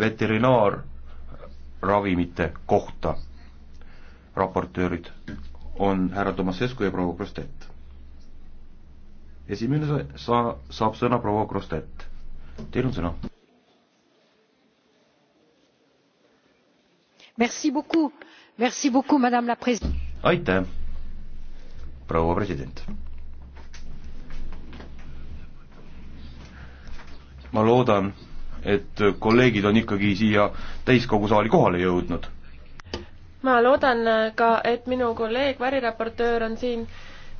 veterinaarravimite kohta. raportöörid on härra Tomasescu ja proua Krostet. esimene sa-, saab sõna proua Krostet. Teil on sõna. Merci beaucoup, merci beaucoup, madame la pres-. aitäh, proua president. ma loodan, et kolleegid on ikkagi siia täiskogu saali kohale jõudnud. ma loodan ka, et minu kolleeg, variraportöör on siin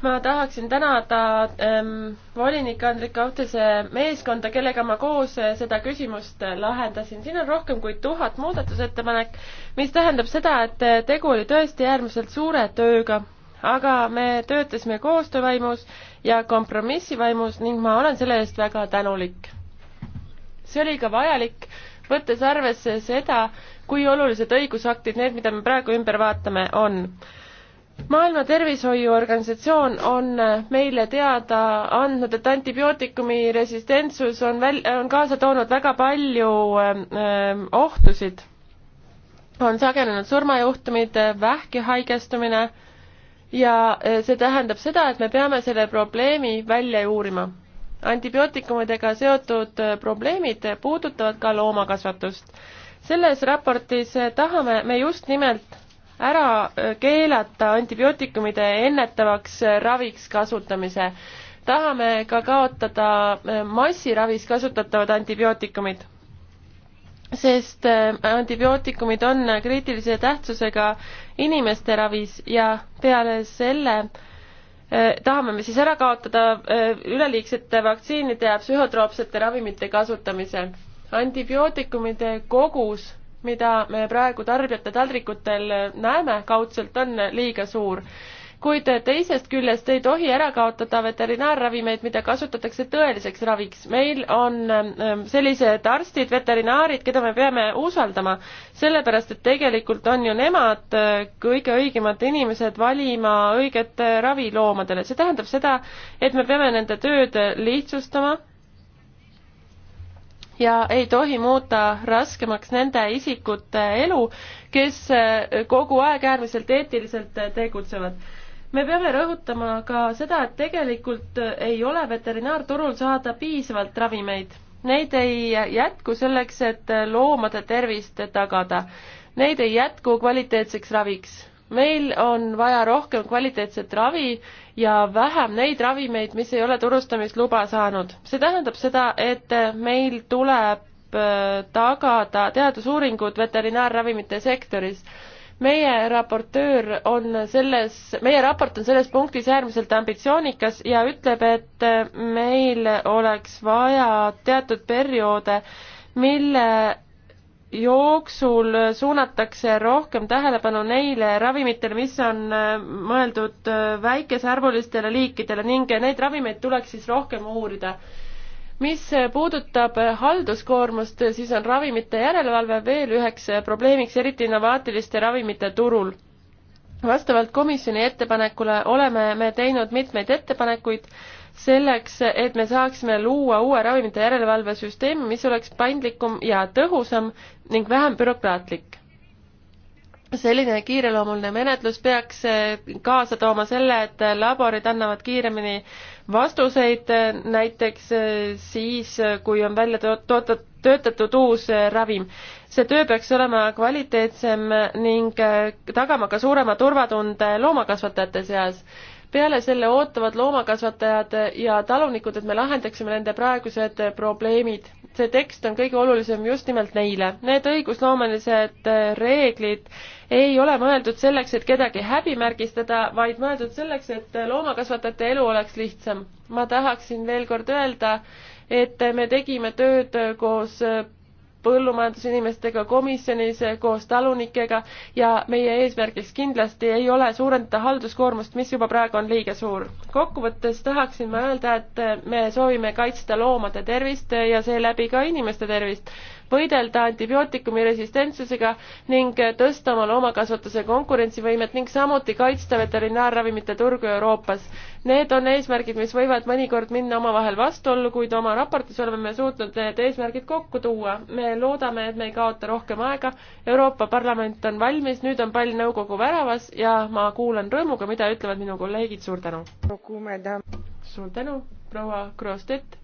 ma tahaksin tänada ähm, volinik Andrik Autise meeskonda, kellega ma koos äh, seda küsimust äh, lahendasin. siin on rohkem kui tuhat muudatusettepanek, mis tähendab seda, et äh, tegu oli tõesti äärmiselt suure tööga, aga me töötasime koostöövaimus ja kompromissivaimus ning ma olen selle eest väga tänulik see oli ka vajalik, võttes arvesse seda, kui olulised õigusaktid, need, mida me praegu ümber vaatame, on. maailma Tervishoiuorganisatsioon on äh, meile teada andnud, et antibiootikumi resistentsus on väl-, on kaasa toonud väga palju öö, ähm, ähm, ohtusid. on sagenenud surmajuhtumid, äh, vähki haigestumine ja äh, see tähendab seda, et me peame selle probleemi välja uurima antibiootikumidega seotud äh, probleemid puudutavad ka loomakasvatust. selles raportis äh, tahame me just nimelt ära äh, keelata antibiootikumide ennetavaks raviks kasutamise. tahame ka kaotada massiravis kasutatavad antibiootikumid sest antibiootikumid on kriitilise tähtsusega inimeste ravis ja peale selle Äh, tahame me siis ära kaotada äh, üleliigsete vaktsiinide ja psühhotroopsete ravimite kasutamise. antibiootikumide kogus, mida me praegu tarbijate taldrikutel äh, näeme kaudselt, on liiga suur kuid teisest küljest ei tohi ära kaotada veterinaarravimeid, mida kasutatakse tõeliseks raviks. meil on ähm, sellised arstid, veterinaarid, keda me peame usaldama, sellepärast et tegelikult on ju nemad äh, kõige õigemad inimesed valima õiget äh, ravi loomadele. see tähendab seda, et me peame nende tööd lihtsustama ja ei tohi muuta raskemaks nende isikute elu, kes äh, kogu aeg äärmiselt eetiliselt tegutsevad me peame rõhutama ka seda, et tegelikult ei ole veterinaarturul saada piisavalt ravimeid. Neid ei jätku selleks, et loomade tervist tagada. Neid ei jätku kvaliteetseks raviks. meil on vaja rohkem kvaliteetset ravi ja vähem neid ravimeid, mis ei ole turustamisluba saanud. see tähendab seda, et meil tuleb tagada teadusuuringud veterinaarravimite sektoris meie raportöör on selles, meie raport on selles punktis äärmiselt ambitsioonikas ja ütleb, et meil oleks vaja teatud perioode, mille jooksul suunatakse rohkem tähelepanu neile ravimitele, mis on mõeldud väikesearvulistele liikidele ning neid ravimeid tuleks siis rohkem uurida mis puudutab halduskoormust, siis on ravimite järelevalve veel üheks probleemiks, eriti innovaatiliste ravimite turul. vastavalt komisjoni ettepanekule oleme me teinud mitmeid ettepanekuid selleks, et me saaksime luua uue ravimite järelevalvesüsteemi, mis oleks paindlikum ja tõhusam ning vähem bürokraatlik selline kiireloomuline menetlus peaks kaasa tooma selle, et laborid annavad kiiremini vastuseid äh, näiteks äh, siis, äh, kui on välja toodatud töötatud uus ravim. see töö peaks olema kvaliteetsem ning tagama ka suurema turvatunde loomakasvatajate seas. peale selle ootavad loomakasvatajad ja talunikud, et me lahendaksime nende praegused probleemid. see tekst on kõige olulisem just nimelt neile. Need õigusloomelised reeglid ei ole mõeldud selleks, et kedagi häbimärgistada, vaid mõeldud selleks, et loomakasvatajate elu oleks lihtsam. ma tahaksin veel kord öelda, et me tegime tööd koos põllumajandusinimestega komisjonis, koos talunikega ja meie eesmärgiks kindlasti ei ole suurendada halduskoormust, mis juba praegu on liiga suur. kokkuvõttes tahaksin ma öelda, et me soovime kaitsta loomade tervist ja seeläbi ka inimeste tervist võidelda antibiootikumiresistentsusega ning tõsta oma loomakasvatuse konkurentsivõimet ning samuti kaitsta veterinaarravimite turgu Euroopas. Need on eesmärgid, mis võivad mõnikord minna omavahel vastuollu, kuid oma raportis oleme me suutnud need eesmärgid kokku tuua. me loodame, et me ei kaota rohkem aega. Euroopa Parlament on valmis, nüüd on pall nõukogu väravas ja ma kuulan rõõmuga, mida ütlevad minu kolleegid. suur tänu! suur tänu, proua Kroostet!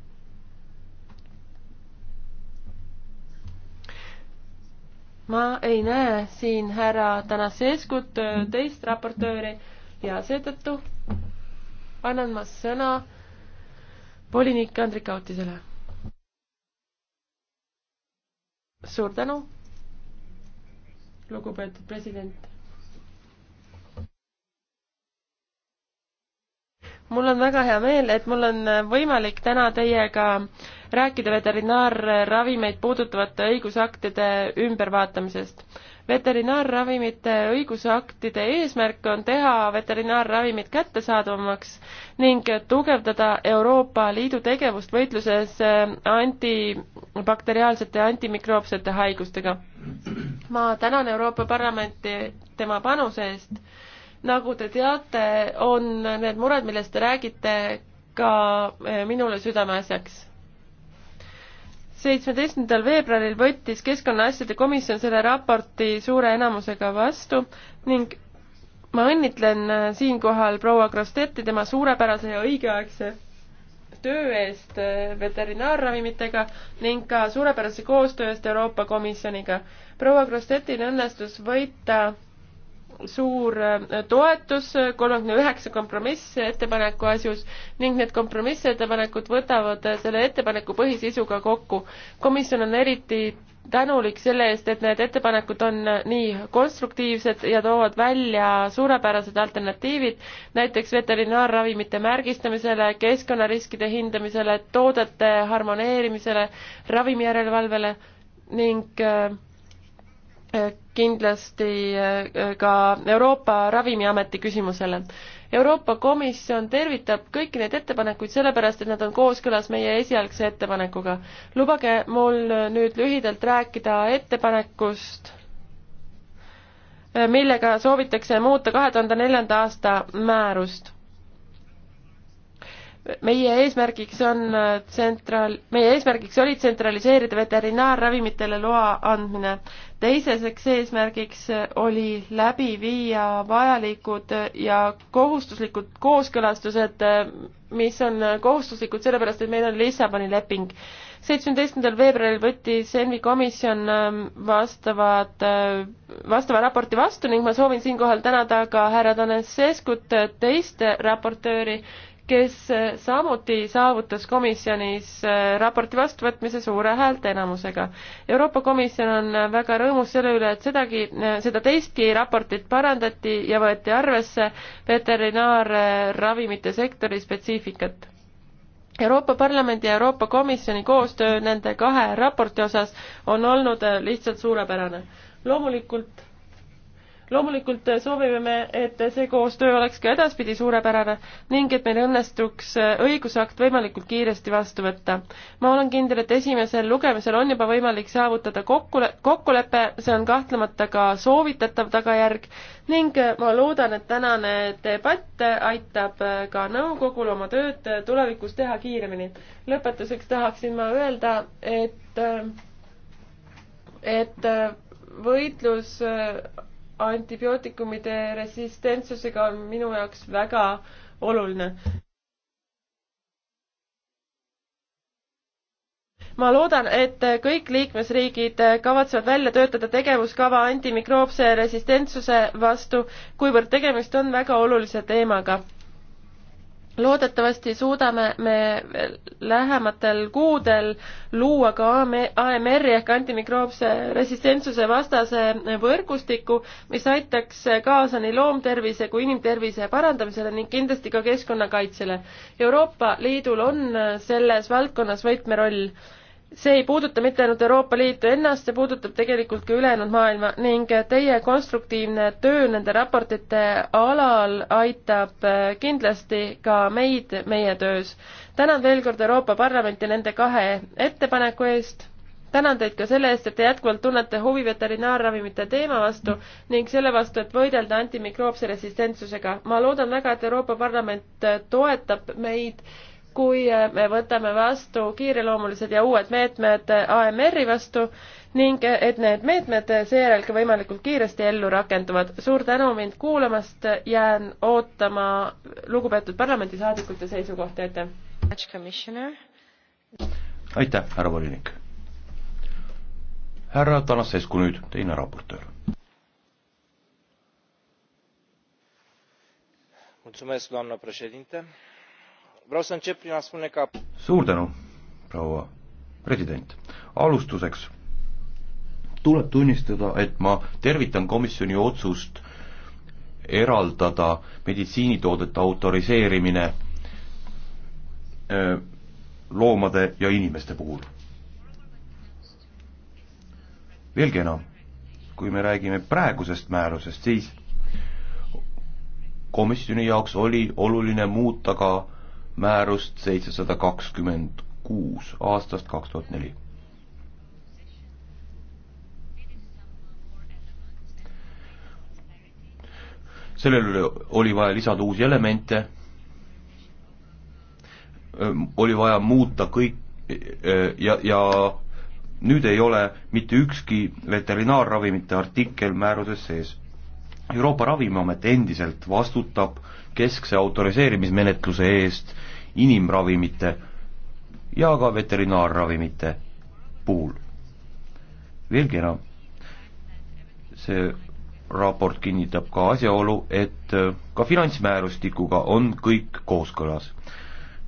ma ei näe siin härra Tanaseskut, äh, teist raportööri ja seetõttu annan ma sõna volinik Andrik Autisele. suur tänu, lugupeetud president mul on väga hea meel, et mul on võimalik täna teiega rääkida veterinaarravimeid puudutavate õigusaktide ümbervaatamisest. veterinaarravimite õigusaktide eesmärk on teha veterinaarravimid kättesaadavamaks ning tugevdada Euroopa Liidu tegevust võitluses antibakteriaalsete ja antimikroopsete haigustega. ma tänan Euroopa Parlamenti tema panuse eest nagu te teate, on need mured, millest te räägite, ka eh, minule südameasjaks seitsmeteistkümnendal veebruaril võttis Keskkonnaasjade komisjon selle raporti suure enamusega vastu ning ma õnnitlen eh, siinkohal proua Grostetti tema suurepärase ja õigeaegse töö eest eh, veterinaarravimitega ning ka suurepärase koostöö eest Euroopa Komisjoniga. proua Grostetil õnnestus võita suur äh, toetus kolmekümne üheksa kompromissettepaneku asjus ning need kompromissettepanekud võtavad äh, selle ettepaneku põhisisuga kokku. komisjon on eriti tänulik selle eest, et need ettepanekud on äh, nii konstruktiivsed ja toovad välja suurepärased alternatiivid, näiteks veterinaarravimite märgistamisele, keskkonnariskide hindamisele, toodete harmoneerimisele, ravimijärelevalvele ning äh, Eh, kindlasti eh, eh, ka Euroopa Ravimiameti küsimusele. Euroopa Komisjon tervitab kõiki neid ettepanekuid sellepärast, et nad on kooskõlas meie esialgse ettepanekuga. lubage mul nüüd lühidalt rääkida ettepanekust, millega soovitakse muuta kahe tuhande neljanda aasta määrust meie eesmärgiks on äh, tsentral-, meie eesmärgiks oli tsentraliseerida veterinaarravimitele loa andmine. teiseseks eesmärgiks äh, oli läbi viia vajalikud äh, ja kohustuslikud kooskõlastused, mis on kohustuslikud sellepärast, et meil on Lissaboni leping. seitsmeteistkümnendal veebruaril võttis ENVI komisjon ähm, vastavad, vastava raporti vastu ning ma soovin siinkohal tänada ka härra Daneseskut, teist raportööri, kes eh, samuti saavutas komisjonis eh, raporti vastuvõtmise suure häälteenamusega. Euroopa Komisjon on väga rõõmus selle üle, et sedagi, eh, seda teistki raportit parandati ja võeti arvesse veterinaarravimite sektori spetsiifikat. Euroopa Parlamendi ja Euroopa Komisjoni koostöö nende kahe raporti osas on olnud lihtsalt suurepärane. loomulikult loomulikult soovime me, et see koostöö oleks ka edaspidi suurepärane ning et meil õnnestuks õigusakt võimalikult kiiresti vastu võtta. ma olen kindel, et esimesel lugemisel on juba võimalik saavutada kokkule-, kokkulepe, see on kahtlemata ka soovitatav tagajärg ning ma loodan, et tänane debatt aitab ka nõukogul oma tööd tulevikus teha kiiremini. lõpetuseks tahaksin ma öelda, et et võitlus antibiootikumide resistentsusega on minu jaoks väga oluline. ma loodan, et kõik liikmesriigid kavatsevad välja töötada tegevuskava antimikroopse resistentsuse vastu, kuivõrd tegemist on väga olulise teemaga loodetavasti suudame me lähematel kuudel luua ka AMR-i e, ehk antimikroobse resistentsuse vastase võrgustiku, mis aitaks kaasa nii loomtervise kui inimtervise parandamisele ning kindlasti ka keskkonnakaitsele. Euroopa Liidul on selles valdkonnas võtmeroll see ei puuduta mitte ainult Euroopa Liitu ennast, see puudutab tegelikult ka ülejäänud maailma ning teie konstruktiivne töö nende raportite alal aitab äh, kindlasti ka meid meie töös. tänan veel kord Euroopa Parlamenti nende kahe ettepaneku eest, tänan teid ka selle eest, et te jätkuvalt tunnete huvi veterinaarravimite teema vastu ning selle vastu, et võidelda antimikroopse resistentsusega. ma loodan väga, et Euroopa Parlament toetab meid kui äh, me võtame vastu kiireloomulised ja uued meetmed äh, AMR-i vastu ning äh, et need meetmed seejärel ka võimalikult kiiresti ellu rakenduvad. suur tänu mind kuulamast, jään ootama lugupeetud parlamendisaadikute seisukohti, aitäh! aitäh, härra volinik! härra Tanasescu nüüd, teine raportöör. mulțumesc, doamnă președinte Vreau să încep prin a spune că... Suur tänu, proua president. Alustuseks tuleb tunnistada, et ma tervitan komisjoni otsust eraldada meditsiinitoodete autoriseerimine äh, loomade ja inimeste puhul. veelgi enam, kui me räägime praegusest määrusest, siis komisjoni jaoks oli oluline muuta ka määrust seitsesada kakskümmend kuus aastast kaks tuhat neli. sellele oli vaja lisada uusi elemente, oli vaja muuta kõik ja, ja nüüd ei ole mitte ükski veterinaarravimite artikkel määruses sees Euroopa Ravimiamet endiselt vastutab keskse autoriseerimismenetluse eest inimravimite ja ka veterinaarravimite puhul. veelgi enam, see raport kinnitab ka asjaolu, et ka finantsmäärustikuga on kõik kooskõlas.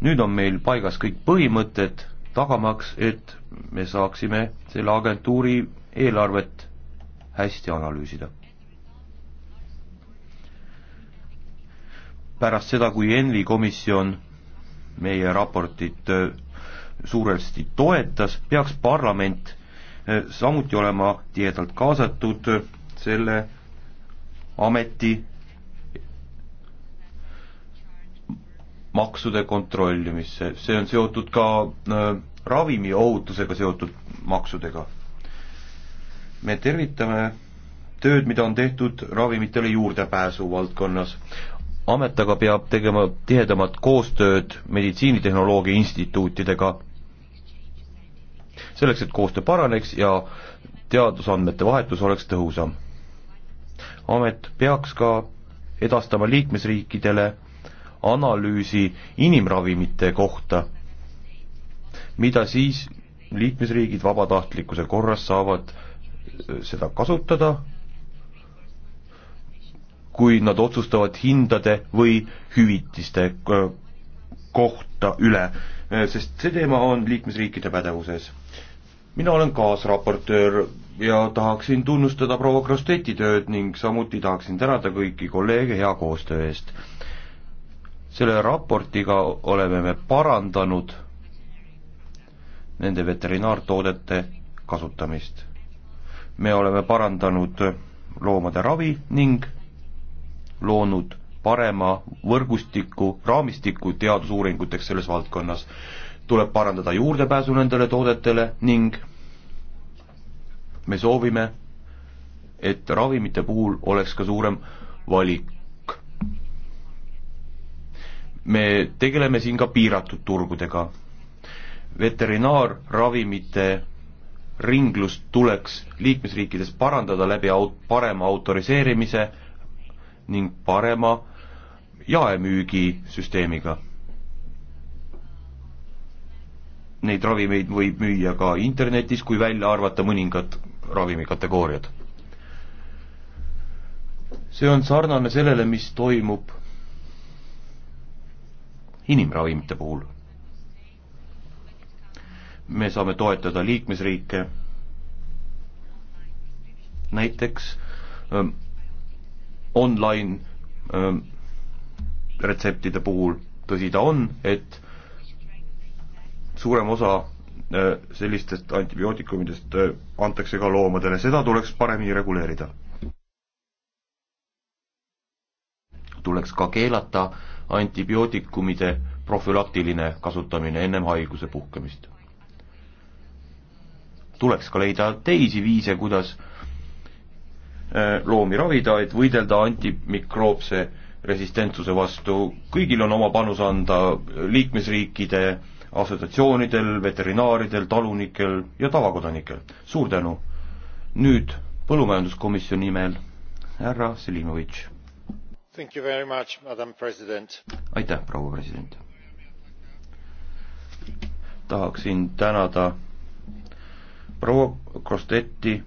nüüd on meil paigas kõik põhimõtted, tagamaks, et me saaksime selle agentuuri eelarvet hästi analüüsida pärast seda, kui ENVI komisjon meie raportit äh, suuresti toetas, peaks parlament äh, samuti olema tihedalt kaasatud äh, selle ameti maksude kontrollimisse, see on seotud ka ravimiohutusega seotud maksudega. me tervitame tööd, mida on tehtud ravimitele juurdepääsu valdkonnas, amet aga peab tegema tihedamat koostööd meditsiinitehnoloogia instituutidega, selleks, et koostöö paraneks ja teadusandmete vahetus oleks tõhusam. amet peaks ka edastama liikmesriikidele analüüsi inimravimite kohta, mida siis liikmesriigid vabatahtlikkuse korras saavad äh, seda kasutada kui nad otsustavad hindade või hüvitiste kohta üle, sest see teema on liikmesriikide pädevuses. mina olen kaasraportöör ja tahaksin tunnustada proua Krosteti tööd ning samuti tahaksin tänada kõiki kolleege hea koostöö eest. selle raportiga oleme me parandanud nende veterinaartoodete kasutamist. me oleme parandanud loomade ravi ning loonud parema võrgustiku, raamistiku teadusuuringuteks selles valdkonnas. tuleb parandada juurdepääsu nendele toodetele ning me soovime, et ravimite puhul oleks ka suurem valik. me tegeleme siin ka piiratud turgudega. veterinaarravimite ringlust tuleks liikmesriikides parandada läbi aut-, parema autoriseerimise, ning parema jaemüügisüsteemiga. Neid ravimeid võib müüa ka internetis, kui välja arvata mõningad ravimikategooriad. see on sarnane sellele, mis toimub inimravimite puhul. me saame toetada liikmesriike, näiteks ähm, online ähm, retseptide puhul, tõsi ta on, et suurem osa äh, sellistest antibiootikumidest äh, antakse ka loomadele, seda tuleks paremini reguleerida. tuleks ka keelata antibiootikumide profülaktiline kasutamine ennem haiguse puhkemist. tuleks ka leida teisi viise, kuidas loomi ravida, et võidelda antimikroopse resistentsuse vastu, kõigil on oma panus anda, liikmesriikide assotsiatsioonidel, veterinaaridel, talunikel ja tavakodanikel. suur tänu! nüüd põllumajanduskomisjoni nimel härra Selimovitš. aitäh, proua president! tahaksin tänada proua Krostetti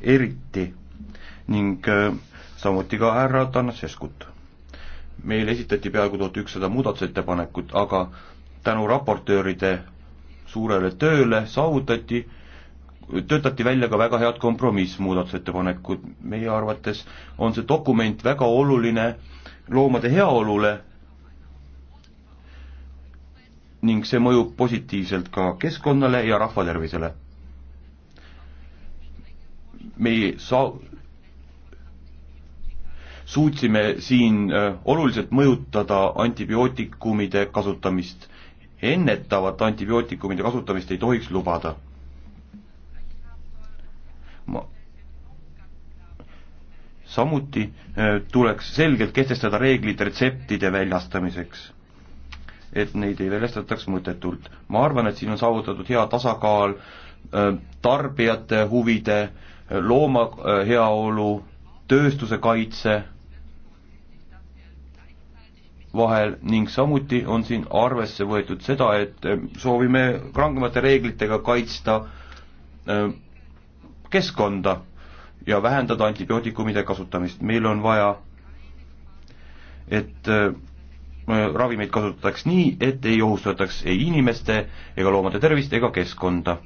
eriti ning äh, samuti ka härra Tanasseskut. meile esitati peaaegu tuhat ükssada muudatusettepanekut, aga tänu raportööride suurele tööle saavutati, töötati välja ka väga head kompromissmuudatusettepanekud, meie arvates on see dokument väga oluline loomade heaolule ning see mõjub positiivselt ka keskkonnale ja rahvatervisele. me ei saa, suutsime siin äh, oluliselt mõjutada antibiootikumide kasutamist. ennetavat antibiootikumide kasutamist ei tohiks lubada. ma samuti äh, tuleks selgelt kehtestada reeglid retseptide väljastamiseks, et neid ei väljastataks mõttetult. ma arvan, et siin on saavutatud hea tasakaal äh, tarbijate huvide, looma heaolu, tööstuse kaitse vahel ning samuti on siin arvesse võetud seda, et eh, soovime rangemate reeglitega kaitsta eh, keskkonda ja vähendada antibiootikumide kasutamist. meil on vaja, et eh, ravimeid kasutataks nii, et ei ohustataks ei inimeste ega loomade tervist ega keskkonda.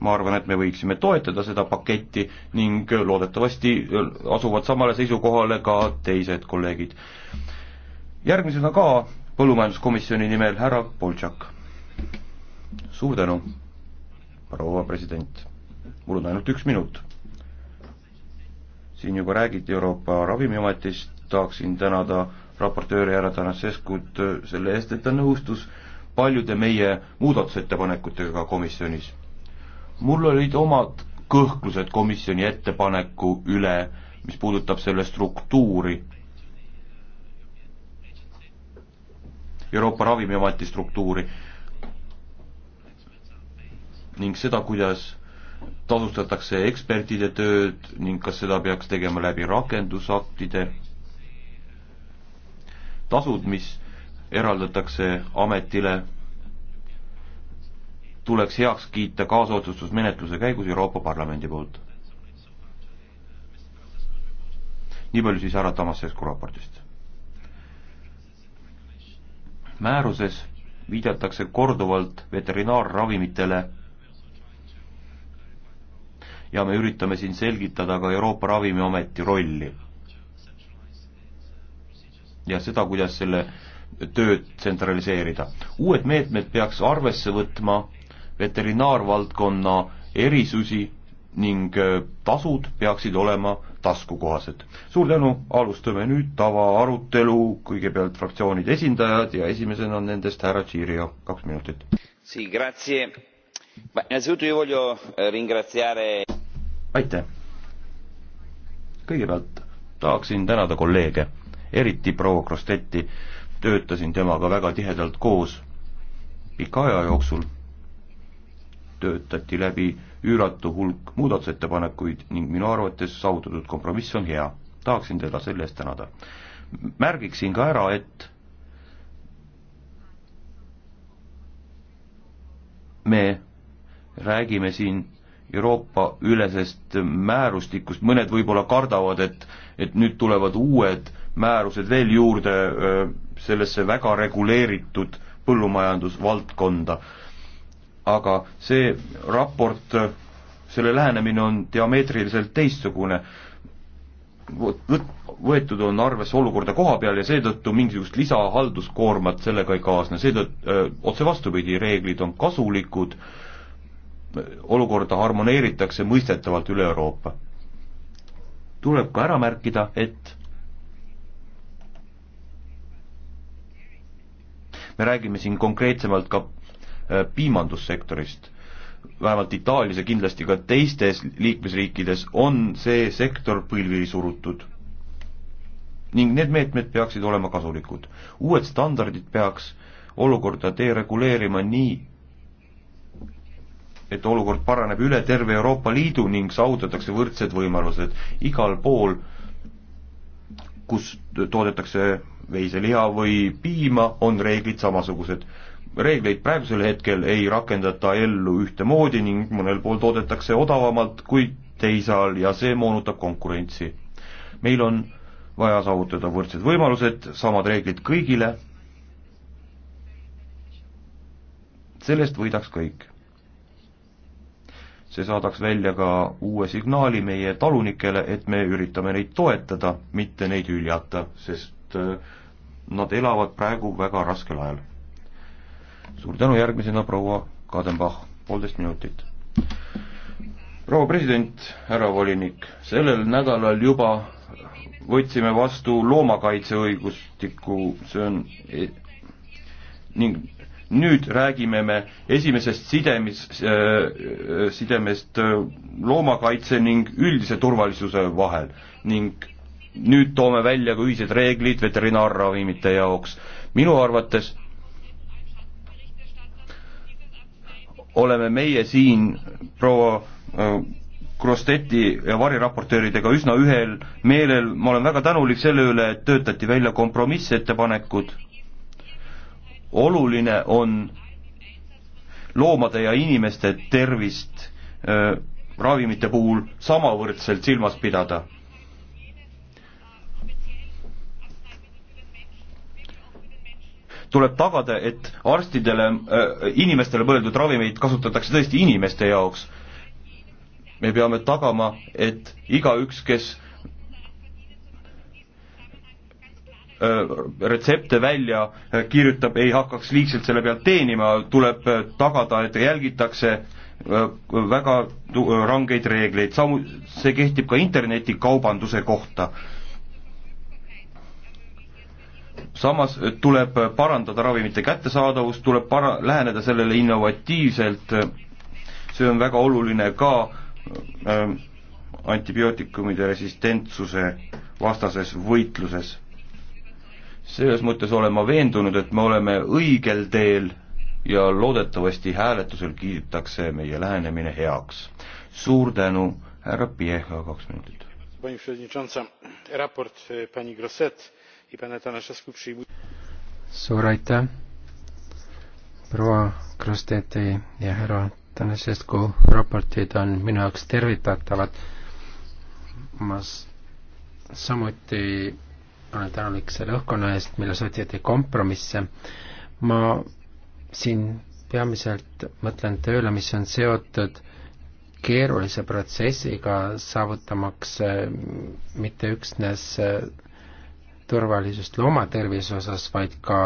ma arvan, et me võiksime toetada seda paketti ning loodetavasti asuvad samale seisukohale ka teised kolleegid järgmisena ka põllumajanduskomisjoni nimel härra Poltšak. suur tänu, proua president. mul on ainult üks minut. siin juba räägiti Euroopa Ravimiametist, tahaksin tänada raportööri härra Tanaseskut selle eest, et ta nõustus paljude meie muudatusettepanekutega komisjonis. mul olid omad kõhklused komisjoni ettepaneku üle, mis puudutab selle struktuuri Euroopa Ravimiameti struktuuri ning seda, kuidas tasustatakse ekspertide tööd ning kas seda peaks tegema läbi rakendusaktide. tasud, mis eraldatakse ametile, tuleks heaks kiita kaasotsustusmenetluse käigus Euroopa Parlamendi poolt. nii palju siis härra Tamasescu raportist määruses viidatakse korduvalt veterinaarravimitele ja me üritame siin selgitada ka Euroopa Ravimiameti rolli. ja seda, kuidas selle tööd tsentraliseerida. uued meetmed peaks arvesse võtma veterinaarvaldkonna erisusi ning äh, tasud peaksid olema taskukohased. suur tänu, alustame nüüd tavaarutelu, kõigepealt fraktsioonide esindajad ja esimesena on nendest härra Tširio, kaks minutit. Eh, aitäh. kõigepealt tahaksin tänada kolleege, eriti proua Krostetti, töötasin temaga väga tihedalt koos pika aja jooksul, töötati läbi üüratu hulk muudatusettepanekuid ning minu arvates saavutatud kompromiss on hea. tahaksin teda selle eest tänada. märgiksin ka ära, et me räägime siin Euroopa ülesest määrustikust, mõned võib-olla kardavad, et et nüüd tulevad uued määrused veel juurde öö, äh, sellesse väga reguleeritud põllumajandusvaldkonda aga see raport, selle lähenemine on diameetriliselt teistsugune. võetud on arvesse olukorda koha peal ja seetõttu mingisugust lisahalduskoormat sellega ei kaasne, seetõttu otse vastupidi, reeglid on kasulikud, olukorda harmoneeritakse mõistetavalt üle Euroopa. tuleb ka ära märkida, et me räägime siin konkreetsemalt ka Äh, piimandussektorist. vähemalt Itaalias ja kindlasti ka teistes liikmesriikides on see sektor põlvili surutud. ning need meetmed peaksid olema kasulikud. uued standardid peaks olukorda dereguleerima nii, et olukord paraneb üle terve Euroopa Liidu ning saavutatakse võrdsed võimalused igal pool, kus toodetakse veiseliha või piima, on reeglid samasugused reegleid praegusel hetkel ei rakendata ellu ühtemoodi ning mõnel pool toodetakse odavamalt kui teisal ja see moonutab konkurentsi. meil on vaja saavutada võrdsed võimalused, samad reeglid kõigile, sellest võidaks kõik. see saadaks välja ka uue signaali meie talunikele, et me üritame neid toetada, mitte neid hüljata, sest äh, nad elavad praegu väga raskel ajal suur tänu, järgmisena proua Kadenbach, poolteist minutit. proua president, härra volinik, sellel nädalal juba võtsime vastu loomakaitseõigustiku, see on e ning nüüd räägime me esimesest sidemist äh, äh,, sidemest äh, loomakaitse ning üldise turvalisuse vahel ning nüüd toome välja ka ühised reeglid veterinaarravimite jaoks. minu arvates oleme meie siin proua äh, Krosteti ja variraportööridega üsna ühel meelel, ma olen väga tänulik selle üle, et töötati välja kompromissettepanekud, oluline on loomade ja inimeste tervist äh, ravimite puhul samavõrdselt silmas pidada tuleb tagada, et arstidele, äh, inimestele mõeldud ravimeid kasutatakse tõesti inimeste jaoks. me peame tagama, et igaüks, kes äh, retsepte välja äh, kirjutab, ei hakkaks liigselt selle pealt teenima, tuleb tagada, et jälgitakse väga rangeid reegleid, samu-, see kehtib ka internetikaubanduse kohta samas eh, tuleb eh, parandada ravimite kättesaadavust, tuleb para-, läheneda sellele innovatiivselt, see on väga oluline ka äh, antibiootikumide resistentsuse vastases võitluses. selles mõttes olen ma veendunud, et me oleme õigel teel ja loodetavasti hääletusel kiidetakse meie lähenemine heaks. suur tänu, härra Pieha, kaks minutit suur aitäh, proua Krusteti ja härra Tanasescu raportid on minu jaoks tervitatavad. ma samuti olen tänulik selle õhkkonna eest, milles otsiti kompromisse. ma siin peamiselt mõtlen tööle, mis on seotud keerulise protsessiga, saavutamaks eh, mitte üksnes eh, turvalisust loomatervise osas, vaid ka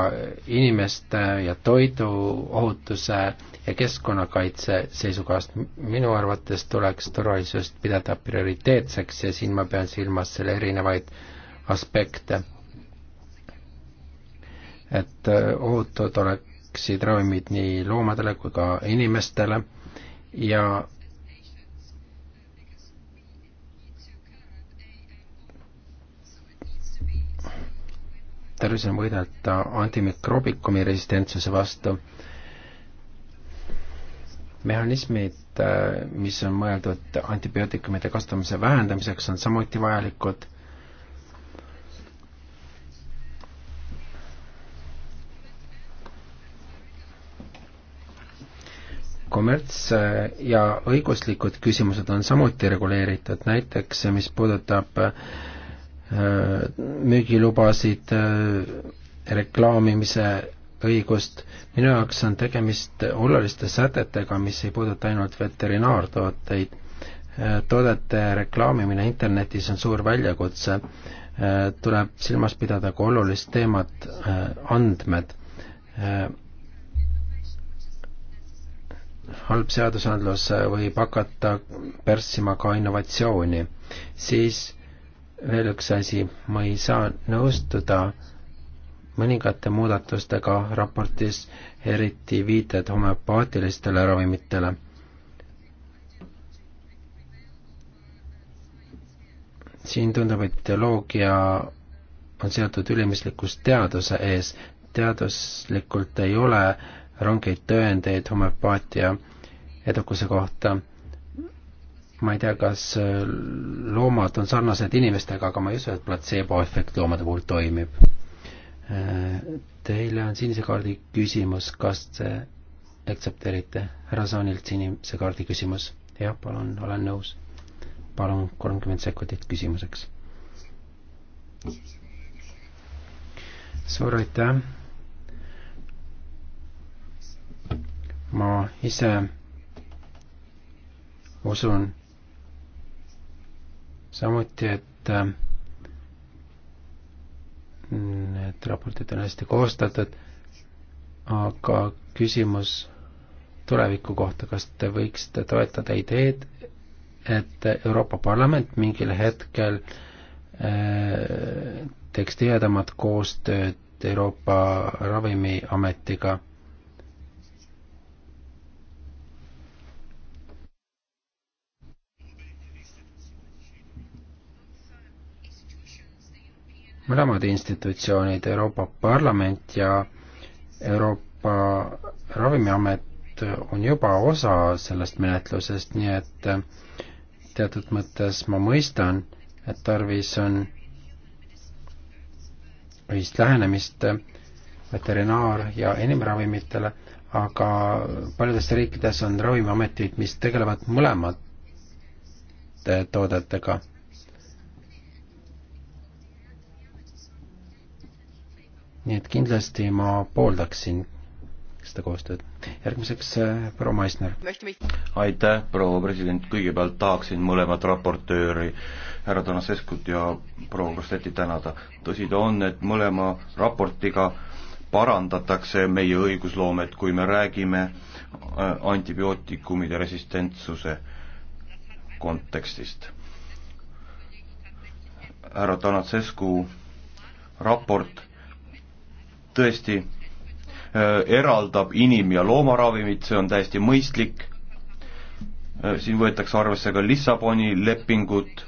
inimeste ja toiduohutuse ja keskkonnakaitse seisukohast. minu arvates tuleks turvalisust pidada prioriteetseks ja siin ma pean silmas selle erinevaid aspekte. et äh, ohutud oleksid ravimid nii loomadele kui ka inimestele ja tarvis on võidelda antimikrobikumi resistentsuse vastu. mehhanismid, äh, mis on mõeldud antibiootikumide kasutamise vähendamiseks, on samuti vajalikud. kommerts- äh, ja õiguslikud küsimused on samuti reguleeritud, näiteks mis puudutab äh, müügilubasid, äh, reklaamimise õigust. minu jaoks on tegemist oluliste sätetega, mis ei puuduta ainult veterinaartooteid. Äh, toodete reklaamimine internetis on suur väljakutse. Äh, tuleb silmas pidada ka olulist teemat, andmed. halb seadusandlus võib hakata pärssima ka innovatsiooni, siis veel üks asi, ma ei saa nõustuda mõningate muudatustega raportis, eriti viited homöopaatilistele ravimitele. siin tundub, et teoloogia on seotud ülimuslikus teaduse ees, teaduslikult ei ole rangeid tõendeid homöopaatia edukuse kohta ma ei tea, kas äh, loomad on sarnased inimestega, aga ma ei usu, et platseeboefekt loomade puhul toimib. Äh, teile on sinise kaardi küsimus, kas te aktsepteerite härra Saanilt sinise kaardi küsimus? jah, palun, olen nõus. palun kolmkümmend sekundit küsimuseks. suur aitäh. ma ise usun samuti, et äh, need raportid on hästi koostatud, aga küsimus tuleviku kohta, kas te võiksite toetada ideed, et Euroopa Parlament mingil hetkel äh, teeks tihedamat koostööd Euroopa Ravimiametiga mõlemad institutsioonid, Euroopa Parlament ja Euroopa Ravimiamet on juba osa sellest menetlusest, nii et äh, teatud mõttes ma mõistan, et tarvis on ühist lähenemist äh, veterinaar- ja inimravimitele, aga paljudes riikides on ravimiametid, mis tegelevad mõlemate toodetega nii et kindlasti ma pooldaksin seda koostööd. järgmiseks äh, proua Maisner. aitäh, proua president, kõigepealt tahaksin mõlemat raportööri, härra Tanaseskut ja proua Krostetit tänada. tõsi ta on, et mõlema raportiga parandatakse meie õigusloomet, kui me räägime äh, antibiootikumide resistentsuse kontekstist. härra Tanatsesku raport tõesti äh, eraldab inim- ja loomaravimid, see on täiesti mõistlik, äh, siin võetakse arvesse ka Lissaboni lepingut,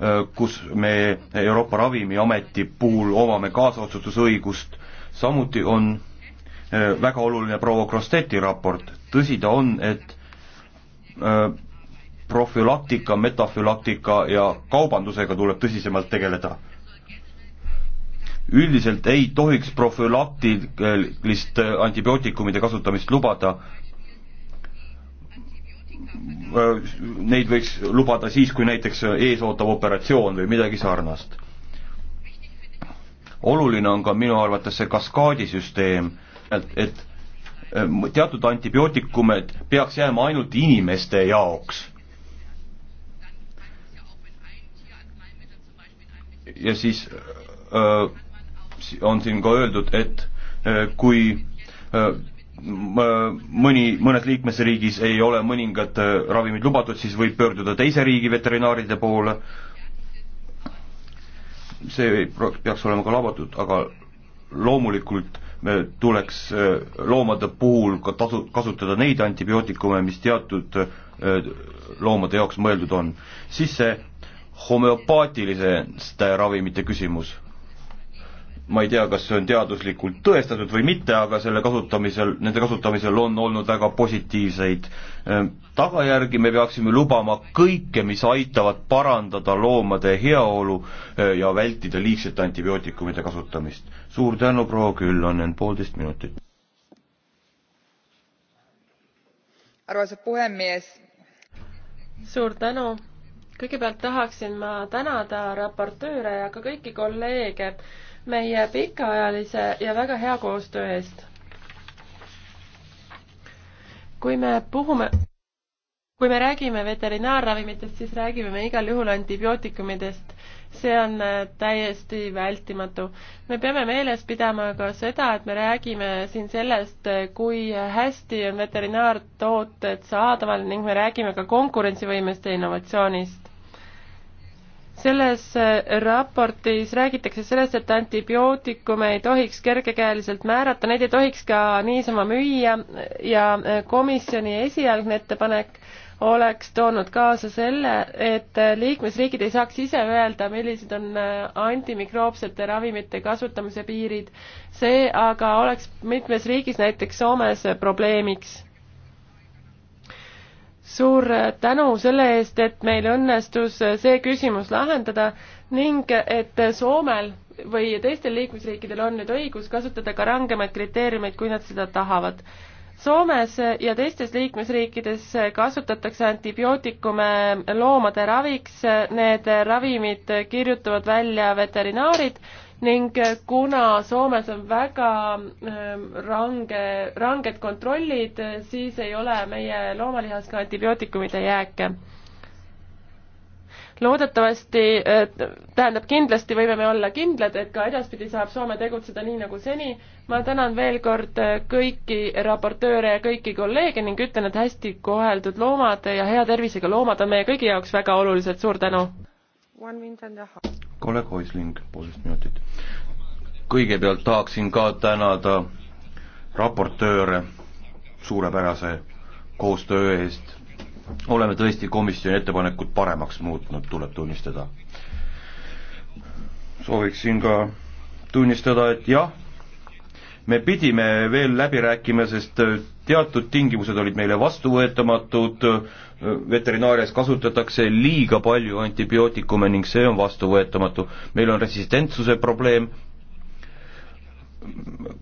äh, kus me Euroopa Ravimiameti puhul omame kaasotsustusõigust, samuti on väga oluline proua Krosteti raport, tõsi ta on, et profülaktika, metafülaktika ja kaubandusega tuleb tõsisemalt tegeleda üldiselt ei tohiks profülaktilist äh, antibiootikumide kasutamist lubada. Äh, neid võiks lubada siis, kui näiteks äh, ees ootab operatsioon või midagi sarnast. oluline on ka minu arvates see kaskaadisüsteem, et teatud antibiootikumed peaks jääma ainult inimeste jaoks ja siis öö, on siin ka öeldud, et äh, kui äh, mõni, mõnes liikmesriigis ei ole mõningad äh, ravimid lubatud, siis võib pöörduda teise riigi veterinaaride poole, see peaks olema ka lubatud, aga loomulikult me tuleks loomade puhul ka tasu, kasutada neid antibiootikume, mis teatud loomade jaoks mõeldud on. siis see homeopaatiliste ravimite küsimus, ma ei tea, kas see on teaduslikult tõestatud või mitte, aga selle kasutamisel, nende kasutamisel on olnud väga positiivseid ehm, tagajärgi, me peaksime lubama kõike, mis aitavad parandada loomade heaolu ehm, ja vältida liigset antibiootikumide kasutamist. suur tänu, proua Küllonen, poolteist minutit. arvamuse puhemees. suur tänu kõigepealt tahaksin ma tänada raportööre ja ka kõiki kolleege meie pikaajalise ja väga hea koostöö eest. kui me puhume kui me räägime veterinaarravimitest, siis räägime me igal juhul antibiootikumidest. see on äh, täiesti vältimatu. me peame meeles pidama ka seda, et me räägime siin sellest, äh, kui hästi on veterinaartooted saadaval ning me räägime ka konkurentsivõimest ja innovatsioonist selles äh, raportis räägitakse sellest, et antibiootikume ei tohiks kergekäeliselt määrata, neid ei tohiks ka niisama müüa ja äh, komisjoni esialgne ettepanek oleks toonud kaasa selle, et äh, liikmesriigid ei saaks ise öelda, millised on antimikroopsete ravimite kasutamise piirid. see aga oleks mitmes riigis, näiteks Soomes, probleemiks suur tänu selle eest, et meil õnnestus see küsimus lahendada ning et Soomel või teistel liikmesriikidel on nüüd õigus kasutada ka rangemaid kriteeriumeid, kui nad seda tahavad. Soomes ja teistes liikmesriikides kasutatakse antibiootikume loomade raviks, need ravimid kirjutavad välja veterinaarid ning kuna Soomes on väga ähm, range, ranged kontrollid, siis ei ole meie loomalihas ka antibiootikumide jääke. loodetavasti, äh, tähendab kindlasti võime me olla kindlad, et ka edaspidi saab Soome tegutseda nii nagu seni. ma tänan veel kord äh, kõiki raportööre ja kõiki kolleege ning ütlen, et hästi koheldud loomad ja hea tervisega loomad on meie kõigi jaoks väga olulised, suur tänu! kolleeg Oisling, poolteist minutit. kõigepealt tahaksin ka tänada raportööre suurepärase koostöö eest, oleme tõesti komisjoni ettepanekut paremaks muutnud, tuleb tunnistada. sooviksin ka tunnistada, et jah, me pidime veel läbi rääkima, sest äh, teatud tingimused olid meile vastuvõetamatud, äh, veterinaarias kasutatakse liiga palju antibiootikume ning see on vastuvõetamatu. meil on resistentsuse probleem,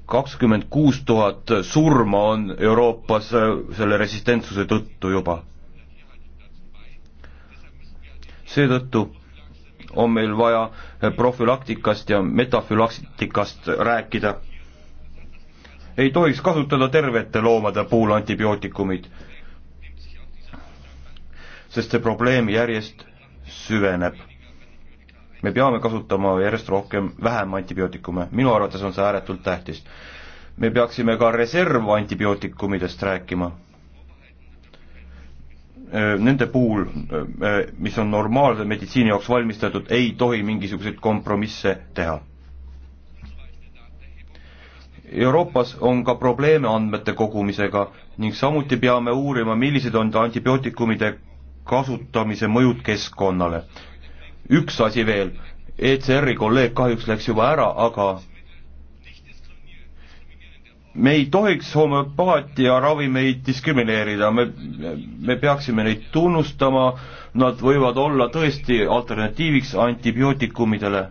kakskümmend kuus tuhat surma on Euroopas äh, selle resistentsuse tõttu juba. seetõttu on meil vaja profülaktikast ja metafülaktikast rääkida ei tohiks kasutada tervete loomade puhul antibiootikumid, sest see probleem järjest süveneb. me peame kasutama järjest rohkem vähem antibiootikume, minu arvates on see ääretult tähtis. me peaksime ka reservantibiootikumidest rääkima. Nende puhul, mis on normaalse meditsiini jaoks valmistatud, ei tohi mingisuguseid kompromisse teha Euroopas on ka probleeme andmete kogumisega ning samuti peame uurima, millised on antibiootikumide kasutamise mõjud keskkonnale. üks asi veel, ECR-i kolleeg kahjuks läks juba ära, aga me ei tohiks homöopaatia ravimeid diskrimineerida, me, me peaksime neid tunnustama, nad võivad olla tõesti alternatiiviks antibiootikumidele.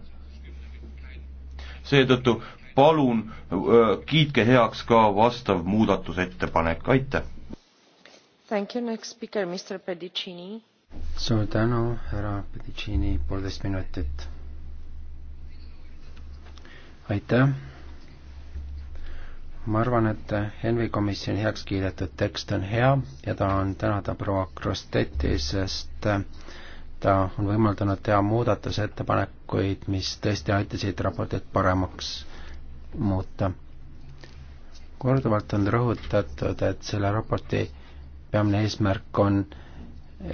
seetõttu palun kiitke heaks ka vastav muudatusettepanek, aitäh! suur tänu, härra Pedicini, poolteist minutit. aitäh! ma arvan, et Henvi komisjoni heaks kiidetud tekst on hea ja tahan tänada proua Krostetti, sest ta on võimaldanud teha muudatusettepanekuid, mis tõesti aitasid raportit paremaks muuta. korduvalt on rõhutatud, et selle raporti peamine eesmärk on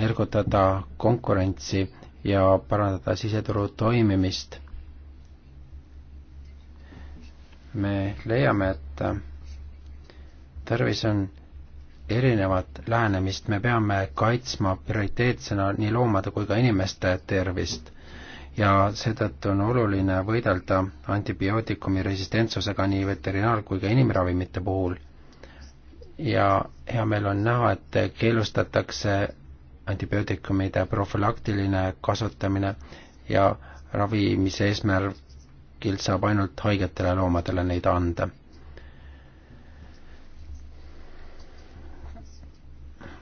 ergutada konkurentsi ja parandada siseturu toimimist. me leiame, et tarvis on erinevat lähenemist, me peame kaitsma prioriteetsena nii loomade kui ka inimeste tervist ja seetõttu on oluline võidelda antibiootikumi resistentsusega nii veterinaar- kui ka inimravimite puhul. ja hea meel on näha, et keelustatakse antibiootikumide profülaktiline kasutamine ja ravimise eesmärgil saab ainult haigetele loomadele neid anda.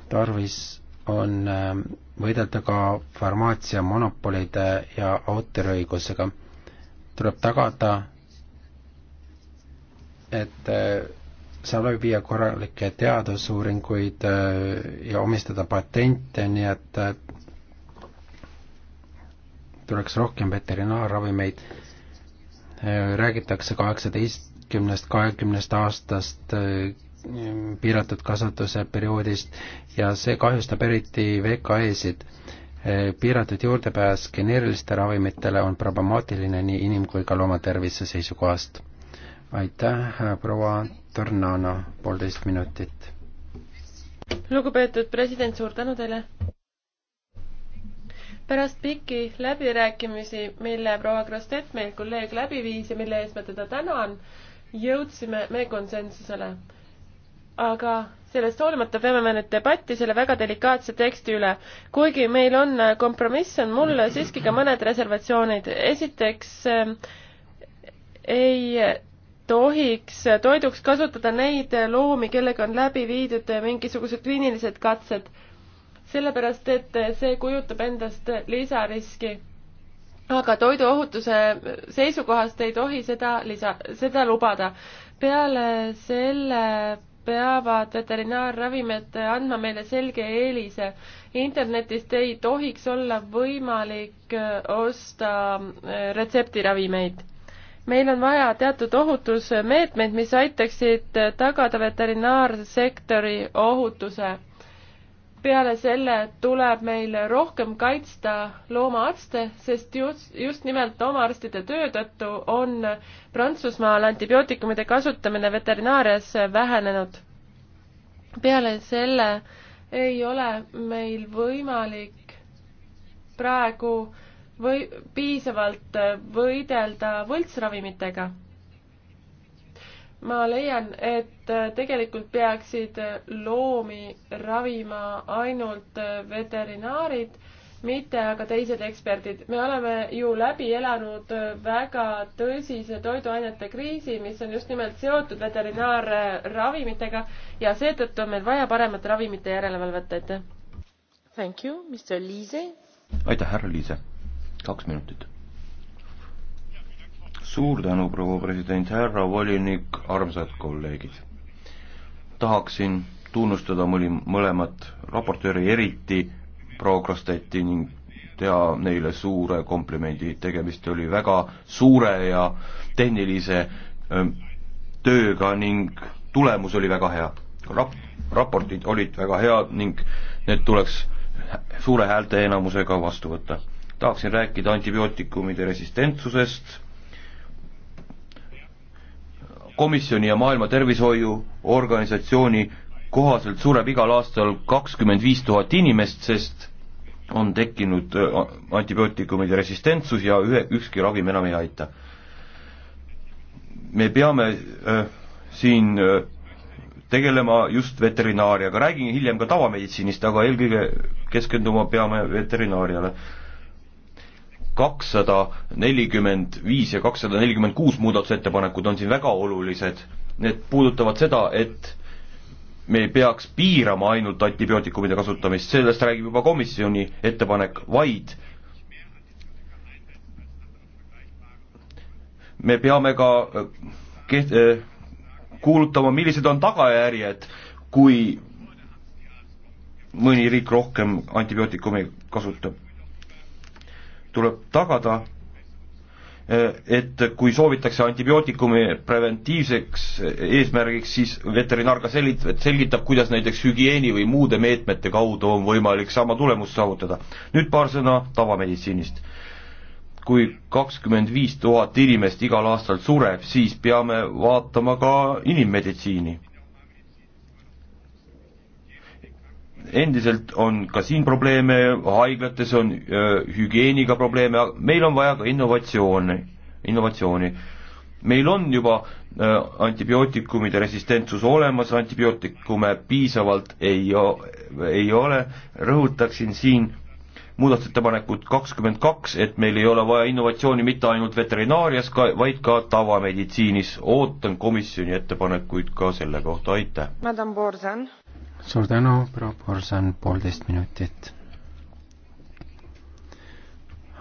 tarvis on ähm, võidelda ka farmaatsiamonopolide ja autoriõigusega. tuleb tagada, et äh, saab läbi viia korralikke teadusuuringuid äh, ja omistada patente, nii et äh, tuleks rohkem veterinaarravimeid. räägitakse kaheksateistkümnest, kahekümnest aastast piiratud kasutuse perioodist ja see kahjustab eriti VKE-sid. piiratud juurdepääs geneeriliste ravimitele on problemaatiline nii inim- kui ka loomatervise seisukohast. aitäh, proua Tornano, poolteist minutit. lugupeetud president, suur tänu teile! pärast pikki läbirääkimisi, mille proua Krostet, meil kolleeg, läbi viis ja mille eest ma teda tänan, jõudsime me konsensusele aga sellest hoolimata peame me nüüd debatti selle väga delikaatse teksti üle. kuigi meil on äh, kompromiss, on mul siiski ka mõned reservatsioonid. esiteks äh, ei tohiks toiduks kasutada neid loomi, kellega on läbi viidud mingisugused kliinilised katsed. sellepärast, et see kujutab endast lisariski. aga toiduohutuse seisukohast ei tohi seda lisa, seda lubada. peale selle peavad veterinaarravimid andma meile selge eelise. internetist ei tohiks olla võimalik äh, osta äh, retseptiravimeid. meil on vaja teatud ohutusmeetmeid, mis aitaksid tagada veterinaarsektori ohutuse peale selle tuleb meil rohkem kaitsta loomaarste, sest just, just nimelt loomaarstide töö tõttu on Prantsusmaal antibiootikumide kasutamine veterinaarias vähenenud. peale selle ei ole meil võimalik praegu või piisavalt võidelda võltsravimitega ma leian, et äh, tegelikult peaksid äh, loomi ravima ainult äh, veterinaarid, mitte aga teised eksperdid. me oleme ju läbi elanud väga tõsise toiduainete kriisi, mis on just nimelt seotud veterinaarravimitega ja seetõttu on meil vaja paremat ravimite järelevalvet, aitäh. aitäh, härra Liise. kaks minutit suur tänu, proua president, härra volinik, armsad kolleegid. tahaksin tunnustada mõli, mõlemat raportööri, eriti proua Krosteti ning teha neile suure komplimendi, tegemist oli väga suure ja tehnilise öö, tööga ning tulemus oli väga hea. Rap-, raportid olid väga head ning need tuleks suure häälteenamusega vastu võtta. tahaksin rääkida antibiootikumide resistentsusest, komisjoni ja Maailma Tervishoiuorganisatsiooni kohaselt sureb igal aastal kakskümmend viis tuhat inimest, sest on tekkinud äh, antibiootikumide resistentsus ja ühe, ükski ravim enam ei aita. me peame äh, siin äh, tegelema just veterinaariaga, räägin hiljem ka tavameditsiinist, aga eelkõige keskenduma peame veterinaariale äh, kakssada nelikümmend viis ja kakssada nelikümmend kuus muudatusettepanekud on siin väga olulised. Need puudutavad seda, et me ei peaks piirama ainult antibiootikumide kasutamist, sellest räägib juba komisjoni ettepanek, vaid me peame ka eh, keht-, eh, kuulutama, millised on tagajärjed, kui mõni riik rohkem antibiootikume kasutab tuleb tagada, eh, et kui soovitakse antibiootikumi preventiivseks eh, eesmärgiks, siis veterinaar ka selgit-, selgitab, kuidas näiteks hügieeni või muude meetmete kaudu on võimalik sama tulemust saavutada. nüüd paar sõna tavameditsiinist. kui kakskümmend viis tuhat inimest igal aastal sureb, siis peame vaatama ka inimmeditsiini endiselt on ka siin probleeme, haiglates on hügieeniga probleeme, meil on vaja ka innovatsiooni, innovatsiooni. meil on juba antibiootikumide resistentsus olemas, antibiootikume piisavalt ei, ei ole, rõhutaksin siin muudatusettepanekut kakskümmend kaks, et meil ei ole vaja innovatsiooni mitte ainult veterinaarias, ka, vaid ka tavameditsiinis, ootan komisjoni ettepanekuid ka selle kohta, aitäh! suur tänu, proua Borsan, poolteist minutit.